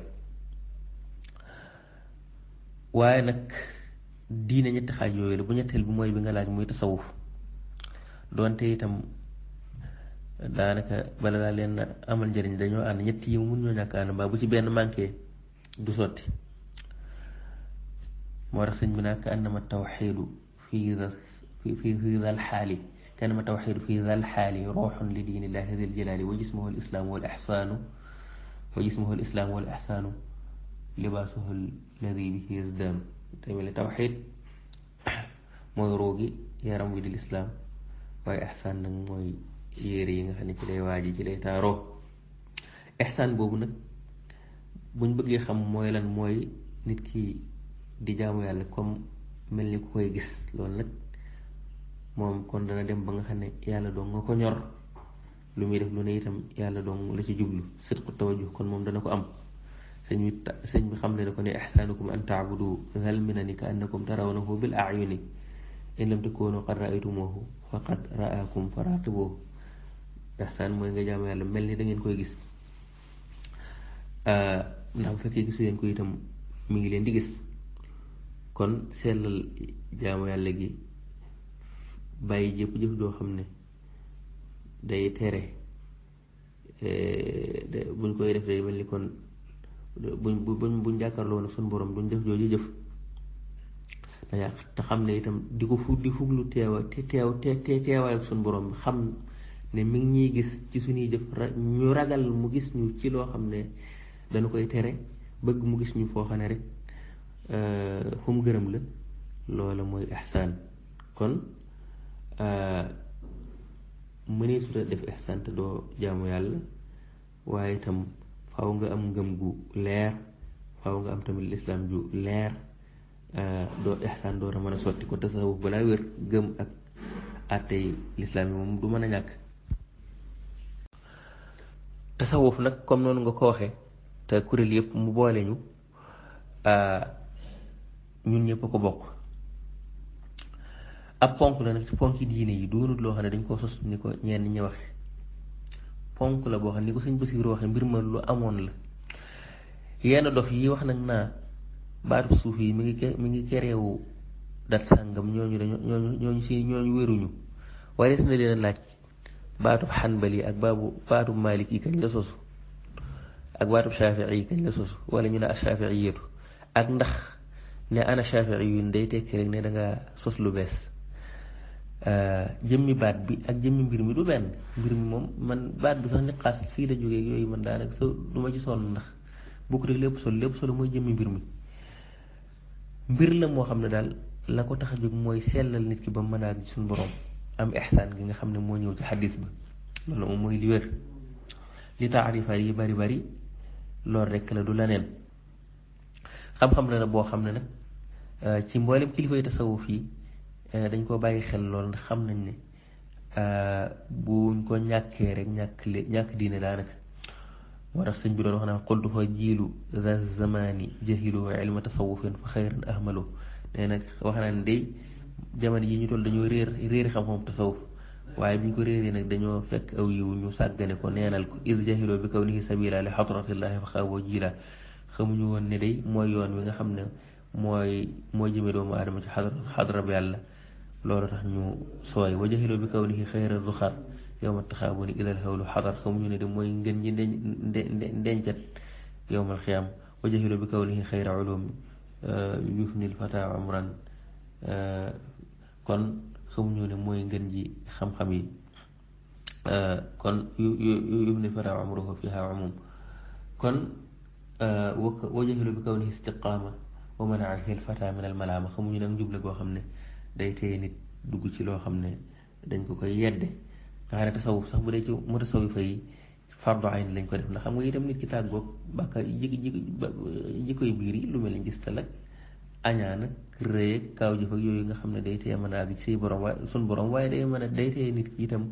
way nak diina ñetti xaj yoyu bu ñettel bu moy bi nga laaj muy tasawuf donte itam daanaka bala laa leen amal njëriñ dañoo ànd ñett yi mun ñoo ñàkk ànd mbaa bu ci benn manqué du sotti moo tax sëñ bi naa ka annama tawxiidu fii da fii fii dal xaali كانما توحيد في ذا الحال روح لدين الله ذي الجلال وجسمه الإسلام والإحسان وجسمه الإسلام والإحسان لباسه الذي به يزدان تميل توحيد مدروغي يرمي للإسلام وإحسان موي ci yi nga xam ne ci lay waaj yi ci lay taaroo ihsaan boobu nag buñ bëggee xam mooy lan mooy nit ki di jaamu yàlla comme mel ni ku koy gis loolu nag moom kon dana dem ba nga xam ne yàlla dong nga ko ñor lu muy def lu ne itam yàlla dong la ci jublu sidqu tawajjuh kon moom dana ko am sëñ bi sëñ bi xam ne ne ko ne ihsaanukum an taabudu zal minani ka annakum tarawnahu bil ayuni in lam takunu qad raaytumuhu faqad raakum fa raaqibuhu ihsaan mooy nga jaamu yàlla mel ni da ngeen koy gis ah, ndax bu fekkee gisu ngeen ko itam mu ngi leen di gis kon sellal jaamu yàlla gi bàyyi jëpp jëf joo xam ne day tere eh, buñ koy def day mel ni kon buñ buñ buñ jàkkaarloo nag suñ borom duñ def jooju jëf te xam ne itam di ko fu di fuglu teewa teew te teewaay ak suñ borom xam ne mi ngi ñuy gis ci suñuy jëf ñu ragal mu gis ñu ci loo xam ne dana koy tere bëgg mu gis ñu foo xam ne rek euh, fu mu gërëm la loola mooy ihsaan kon euh, mënee su def ihsaan te doo jaamu yàlla waaye itam faaw nga am ngëm gu leer faaw nga am tamit lislaam ju leer euh, doo ihsaan doo mën a sotti ko tasawuf balaa wér gëm ak àttey lislaam yi moom du mën a ñàkk tasawuf nak comme non nga ko waxe te kurel yep mu boole ñu euh, ñun ñep ko bok ap ponk la nak ponk diine yi doonut lo xam dañ ko sos ni ko ñen ñi waxe ponk la bo xam ni ko señ basiru waxe mbir ma lu amoon la yenn dof yi wax nak na baaru suuf yi mi ngi mi ngi kereewu dat sangam ñoñu dañu ñoñu ñoñu si ñoñu wëruñu waaye des na leen laacc baatub xanbali ak baabu baatub malik yi kañ la sosu ak baatub shafii yi kañ la sosu wala ñu ne ak shafii yétu ak ndax ne ana shafii yun day tekki rek ne da sos lu bees euh, jëmmi baat bi ak jëmmi mbir mi du benn mbir mi moom man baat bi sax ni fii la jógee yooyu man daanaka so du ma ci sonn ndax bukk rek lépp sol lépp solu mooy jëmmi mbir mi mbir la moo xam ne daal la ko tax a jóg mooy sellal nit ki ba mu mën a suñu borom am ixsaan gi nga xam ne moo ñëw ci xaddis ba loolu moom mooy li wér li taarifa yi bari bari loolu rekk la du leneen xam-xam la boo xam ne nag euh, ci mboolem kilifay tasawuf yi euh, dañ koo bàyyi xel lool ndax xam nañ ne euh, buñ ko ñàkkee rek ñàkk le ñàkk diine daanaka moo tax sëñ bi doon wax naa qul dafa jiilu za zamani jahilu ilma tasawufin fa xayran ahmalu nee nag wax naa ne day jamono yi ñu toll dañoo réer réer xam-xam tasawuf waaye bi ñu ko réeree nag dañoo fekk aw yiw ñu sàggane ko neenal ko id jahiloo bi kaw nihi sabila li xadratillahi fa xaaboo jiila xamuñu woon ne day mooy yoon wi nga xam ne mooy mooy jëme doomu aadama ci xadra xadra bi yàlla loolu tax ñu sooy wa jahiloo bi kaw nihi xayra duxar yowma taxaabuni idal xawlu xadar xamuñu ne de mooy ngën ji ndencat al xiyaam wa jahiloo bi kaw nihi xayra ulum yufnil fata umran kon xamuñu ne mooy ngën ji xam-xam yi euh, kon yu yu yum ni fara umruhu fiha umum kon euh, wa jahilu bi kawnihi istiqaama wa manaahi alfata min almalaama xamuñu nag njuble goo xam ne day téye nit dugg ci loo xam ne dañ ko koy yedde nga xam ne sax bu dee ci mu tasawifa yi fardu ayn lañ ko def ndax xam nga itam nit ki tàggoog bàkka jik jik jikkoy biir yi lu mel ni gis talak añaa nag rëy ak kaaw jëf ak yooyu nga xam ne day teye mën a àgg ci borom waaye sun borom waaye day man a day teye nit ki itam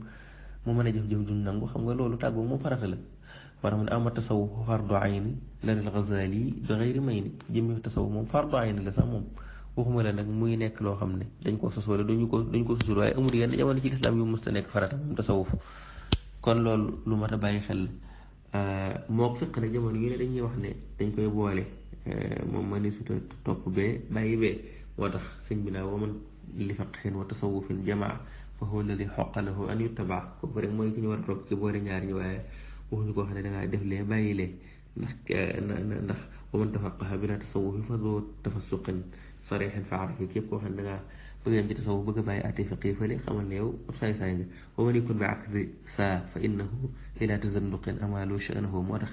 mu mën a jëf-jëf ju nangu xam nga loolu tàggu moom farata la maanaam mu ne ama tasawu fardu ayni la lil Ghazali bi xëyri may ni jëmmi tasawu moom fardu ayni la sax moom waxuma la nag muy nekk loo xam ne dañ ko sosoole dañu ko dañ ko sosool waaye amul yenn jamono ci lislaam yu mës ta nekk farata moom tasawuf kon loolu lu mat a bàyyi xel la moo fiq ne jamono yi ne dañuy wax ne dañ koy boole moom ma ni suta topp bee bàyyi bee moo tax sëñ bi naa waman li faq faqhin wa tasawufin jamaa fa huwa alladi lahu an yuttaba kooku rek mooy ki ñu war a topp ci boori ñaar ñi waaye waxuñu koo xam ne dangaa def lee bàyyi lee ndax ndax waman tafaqaha la tasawufi fa doo tafasuqin sarixin fa arafi képp koo xam ne dangaa bëgg yem ci tasawuf bëgg a bàyyi àtte fiqi fële xamal ne yow ab saay saay nga waman yakun bi akdi saa fa innahu ila tazanduqin amalu shanahu moo tax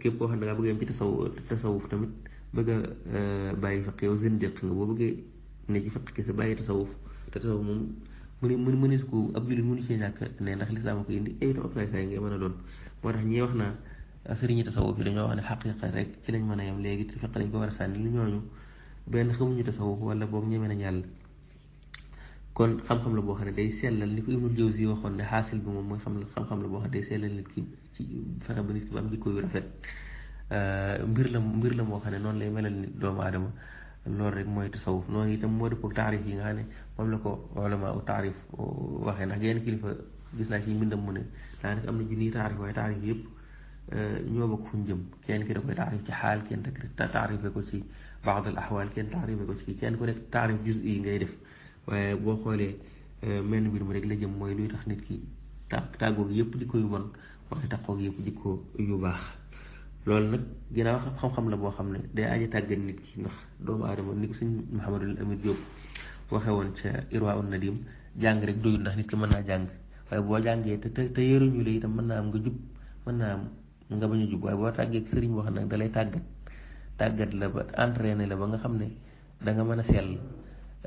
képp koo xam ne da a yem ci tasaw tasawuf tamit bëgg a euh, bàyyi fiq yow zindiq nga boo bëggee ne ci fiq kese bàyyi tasawuf te tasawuf moom mënu mënu mënees ko mu jullit mënu ci ñàkk ne ndax lislaam ko indi ay doon saay saay nga mën a doon moo tax ñi wax na ah, sëriñi tasawuf yi dañoo wax ne xaqiqa rek ci lañ mën a yem léegi ci fiq lañ ko war a sànni li ñooñu benn xamuñu tasawuf wala boog ñemee nañ yàlla kon xam-xam la boo xam ne day sellal ni ko imul jëw si waxoon ne xaasil bi moom mooy xam xam-xam la boo xam ne day sellal nit ki ci fexe ba nit ki am jikko yu rafet mbir la mbir la moo xam ne noonu lay melal nit doomu aadama loolu rek mooy tasawuf noonu itam moo dëppoog taarif yi nga xam ne moom la ko ulama u taarif waxee ndax genn kilifa gis naa ci mbindam mu ne daanaka am na junniy taarif waaye taarif yëpp ñoo bokk fuñ jëm kenn ki da koy taarif ci xaal kenn taarife ko ci baad ahwal kenn taarife ko ci kenn ku nekk taarif jus yi ngay def waaye boo xoolee euh, menn mbir mi rek la jëm mooy luy tax nit ki tàggoog yëpp jikko yu bon waaye tàggoog yëpp jikko yu baax loolu nag ginnaaw xam-xam la boo xam ne day aji tàggat nit ki ndax doomu aadama ni ko sëñ Mouhamadul Amid Diop waxe woon ca Irwa un Nadim jàng rek doyul ndax nit ki mën naa jàng boo jàngee te te yëruñu la itam mën naa am jub mën naa am nga bañ a jub waaye boo ak sëriñ boo xam nag tàggat tàggat la ba entraîné la ba nga xam ne da nga mën a sell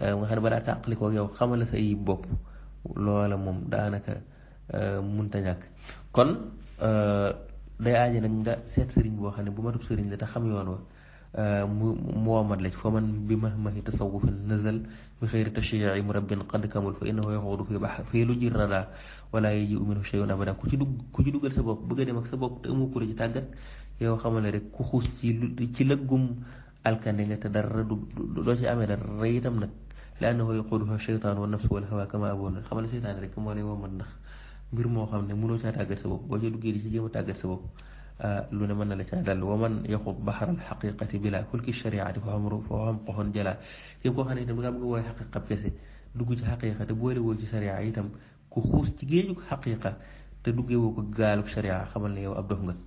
nga xam ne balaa tàqalikoo ak yow xamal sa yib bopp loola moom daanaka munta ñàkk kon day aaje nag nga seet sëriñ boo xam ne bu matub sëriñ la te xam yoon wa موامد لك فمن بمهمه تصوف نزل بخير تشيع مرب قد كمل فانه يخوض في بحر في لجي الردى ولا يجيء منه شيء ابدا كوتي دوغ كوتي دوغال sa bop bëgg dem ak sa bop te amu ko ci tagat yow xamal rek ku xus ci ci legum alkande nga te dara do ci amé dara itam nak لأنه يقودها الشيطان والنفس والهوى كما أبونا خمال الشيطان ركم ولي ومنخ بير مو خامني مونو تا تاغت سبب بو جيدو جيري سي جيما تاغت سبب ا آه، لونا من لا دال ومن يخوض بحر الحقيقه بلا كل الشريعه فهمرو فهم قهن جلا كيف كو خاني تام غامغو واي حقيقه بيسي دوجو سي حقيقه تا بوري وول سي شريعه ايتام كو خوس تي جيلو حقيقه تا دوجي وكو غالو شريعه خمال لي يو عبد الله غن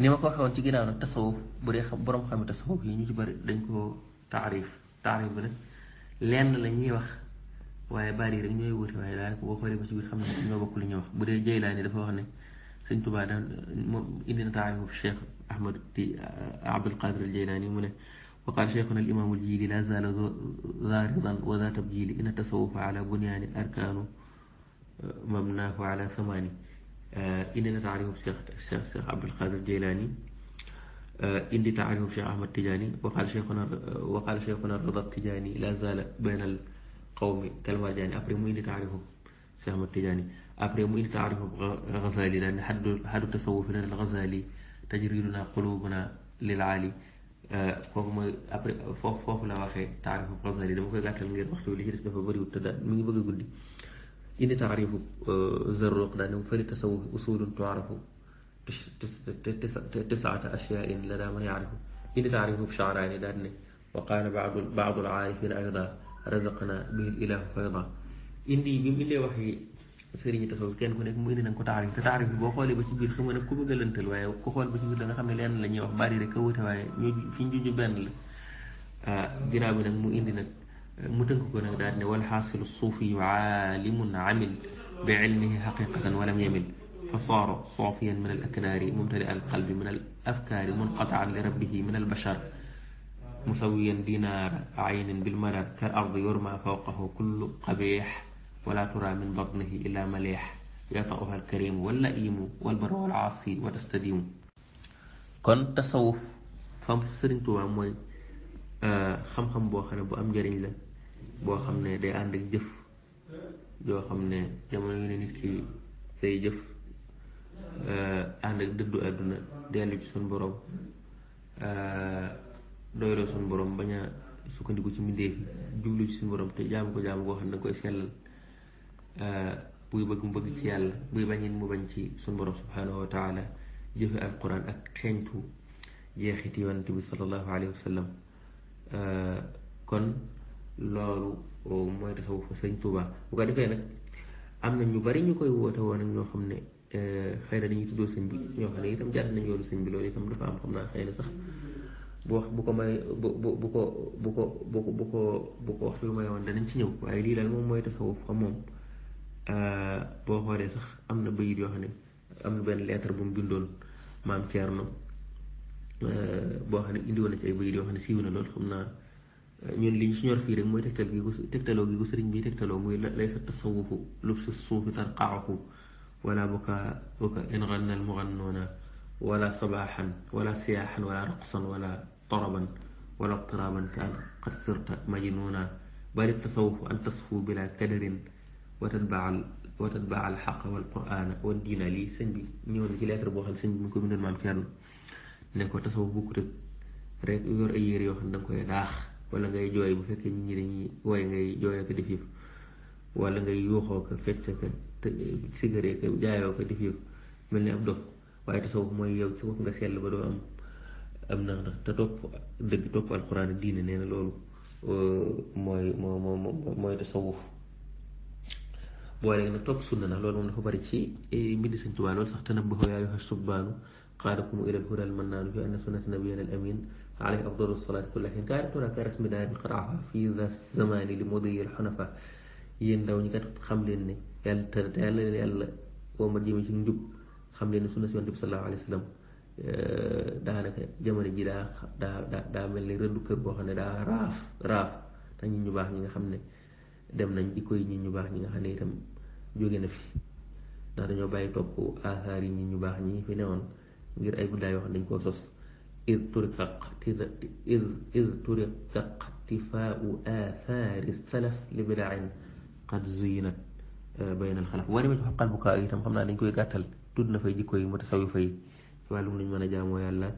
نيما كو خاون تي غيناو تصوف بوري خ بروم خامي تعريف تعريف بري lenn la ñuy wax waaye bari rek ñooy wuti waaye daanaka boo xoolee ba ci biir xam ne ñoo bokk li ñuy wax bu dee ni dafa wax ne sëñ Tuubaa daal moom indi na taarif Cheikh Ahmad ti Abdul Qadir al mu ne وقال شيخنا wa za لا in tasawuf ala تبجيل al التصوف على ala الأركان مبناه على ثماني إننا تعرف الشيخ عبد القادر الجيلاني آه، اندي تعلم شيخ احمد تجاني وقال شيخنا آه، وقال شيخنا الرضا التجاني لا زال بين القوم كالمرجاني ابري مو اندي تعرفهم شيخ احمد تجاني ابري مو اندي تعرفهم غزالي لان حد حد تصوفنا للغزالي تجريدنا قلوبنا للعالي آه، فوقما ابري فوق فوق لا واخي تعرف غزالي دما كاي قاتل غير وقت ولي جلس دا بري وتدا مي بغي غدي اندي تعرفهم زروق دا فلي تصوف اصول تعرفهم تسعة أشياء لدى من يعرف إن تعرف في شعر عين دارني وقال بعض بعض العارفين أيضا رزقنا به الإله فيضا إني بمن وحي سيري تصور كان كونك مين أنك تعرف تعرف بقول بسيب الخمر أنك كم قال أنت الوعي كقول بسيب لنا خمر لأن لني أخباري ركوة وعي فين جو جبان ل آه، جنابنا مين أنك متنكو دارني والحاصل الصوفي عالم عمل بعلمه حقيقة ولم يمل فصار صافيا من الأكدار ممتلئ القلب من الأفكار منقطعا لربه من البشر مسويا دينار عين بالمرض كالأرض يرمى فوقه كل قبيح ولا ترى من بطنه إلا مليح يطأها الكريم واللئيم والبر والعاصي وتستديم كن تصوف فم سرين تو أموي آه، خم خم بو xam ne bu am njëriñ la boo xam دي day ànd ak jëf joo xam ne Eh, ànd ak dëddu àdduna dellu ci suñu borom eh, doyloo suñu borom bañ sukkandiku ci mbindeef yi jublu ci suñu borom te jaamu ko jaamu koo xam ne koy sellal eh, buy bëgg mu bëgg ci yàlla buy bañin mu bañ ci suñu borom subhanahu wa taala jëfe alquran ak xeeñtu jeexiti yonent bi kon loolu mooy tasawuf sëñ Tuubaa bu ko defee nag am na ñu bari ñu koy woote woon ak ñoo xam ne xëy na dañuy tuddoo sëñ bi ñoo xam ne itam jàdd nañ yoonu sëñ bi loolu itam dafa am xam naa xëy na sax bu wax bu ko may bu bu bu ko bu ko bu ko bu ko waxtu bi may woon danañ ci ñëw waaye lii daal moom mooy tasawuf xam moom ah, boo xoolee sax am na bayit yoo xam ne am na benn lettre bu mu bindoon maam Thierno ah, boo xam ne indi woon na ci ay bayit yoo xam ne siiw na loolu xam naa ah, ñun liñ si ñor fii rek mooy tegtal gi ko tegtaloo gi ko sëriñ bi tegtaloo muy lay sa tasawufu lu su suufi tarqaaxu ولا بكاء, بكاء إن غنى المغنون ولا صباحا ولا سياحا ولا رقصا ولا طربا ولا اضطرابا كان قد صرت مجنونا بل التصوف أن تصفو بلا كدر وتتبع وتتبع الحق والقرآن والدين لي سنبي نيون جلية ربوها سنبي من كل من فعل نكو تصوف بكرب ريك يور أي ريوح عندك ويا داخ ولا غي جوي بفكر نيني ويا غي جوي كدفيف ولا غي يوخوك فتسكن te sigaree ko jaayoo ko def yëpp mel ni ab dof waaye tasawuf mooy yow sa bopp nga sell ba doo am am na ndax te topp dëgg topp alxuraan ak diine nee na loolu mooy moo moo mooy tasawuf boole nag topp sunna nag loolu moom dafa bari ci mbindi Sëñ Tuubaa loolu sax tanabbahu yaa ayyuha subbaanu qaadakum ilal hudaa al mannaanu fi anna sunnata nabiyyina al amiin عليه أفضل الصلاة كل حين كانت هناك رسم دار قرعها في ذا الزمان لمضي الحنفاء يندوني كانت خمليني yàlla tër te yàlla leen yàlla woomat jëme ci njub xam leen sunna si yonent bi sallallahu alayhi wa sallam daanaka jamono ji daa daa daa daa mel ni rëddu kër boo xam ne daa raaf raaf te ñi ñu baax ñi nga xam ne dem nañ ci koy ñi ñu baax ñi nga xam ne itam jóge na fi ndax dañoo bàyyi topp aasaar yi ñi ñu baax ñi fi newoon ngir ay guddaay yoo xam ne dañ koo sos iz turiqa iqtifaau aasaari salaf li bidaain qad zuyinat baynal xalaf boo demee ci xoqal bu kaa itam xam naa dañ koy gàttal tudd na fay jikko yi mu tasaw yu fay ci wàllum lu ñu mën a jaamoo yàlla ak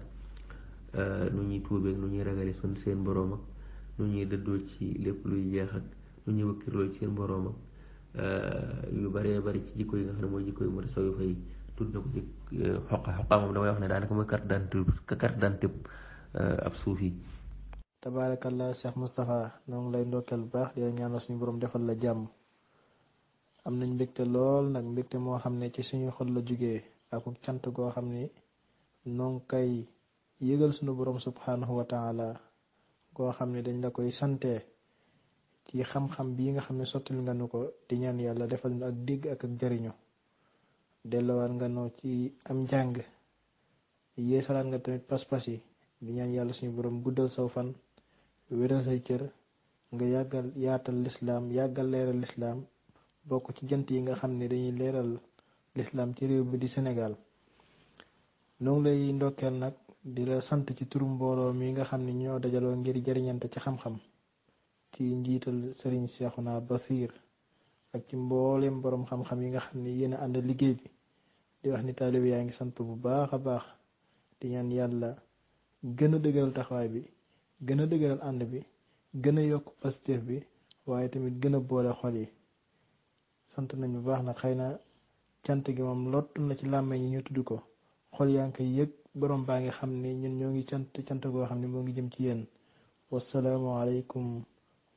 euh, nu ñuy tuubeeg ci lépp luy jeex ak nu ñuy wëkkirloo ci seen boroom ak euh, yu baree bari ci jikko yi nga xam ne mooy jikko yi mu tasaw yu fay tudd na ko ci xoqa euh, xoqa moom damay wax ne daanaka mooy carte d'identité carte d'identité ab suuf yi tabaarakallah Cheikh Moustapha ñoo ngi lay ndokkeel bu baax di ñaanal suñu borom defal la jàmm am nañ mbégte lool nag mbégte moo xam ne ci suñu xol la jugee ak cant goo xam ni noo ngi koy yëgal suñu borom subhanahu wa taala goo xam ne dañ la koy sante ci xam-xam bii nga xam ne sottil nga nu ko di ñaan yàlla defal na ak digg ak ak jariñu dellowaat nga noo ci am njàng yéesalaat nga tamit pas-pas yi di yàlla suñu borom guddal saw fan wéral say cër nga yàggal yaatal lislaam yàggal leeral lislaam bokku ci jant yi nga xam ne dañuy leeral lislaam ci réew bi di Sénégal noo ngi lay ndokkeel nag di la sant ci turu mbooloo mi nga xam ne ñoo dajaloo ngir jariñante ci xam-xam ci njiital Serigne cheikhuna basir ak ci mbooleem borom xam-xam yi nga xam ne yéen a ànd liggéey bi di wax ni taalibe yaa ngi sant bu baax a baax di ñaan yàlla gën a dëgëral taxawaay bi gën a dëgëral ànd bi gën a yokk positif bi waaye tamit gën a boole xol yi sant nañ bu baax nag xëy na cant gi moom lot na ci làmmeñ yi ñu tudd ko xool yaa ngi koy yëg borom baa ngi xam ne ñun ñoo ngi cant cant goo xam ne moo ngi jëm ci yéen wasalaamu aleykum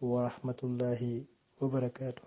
wa rahmatullahi wa barakaatu.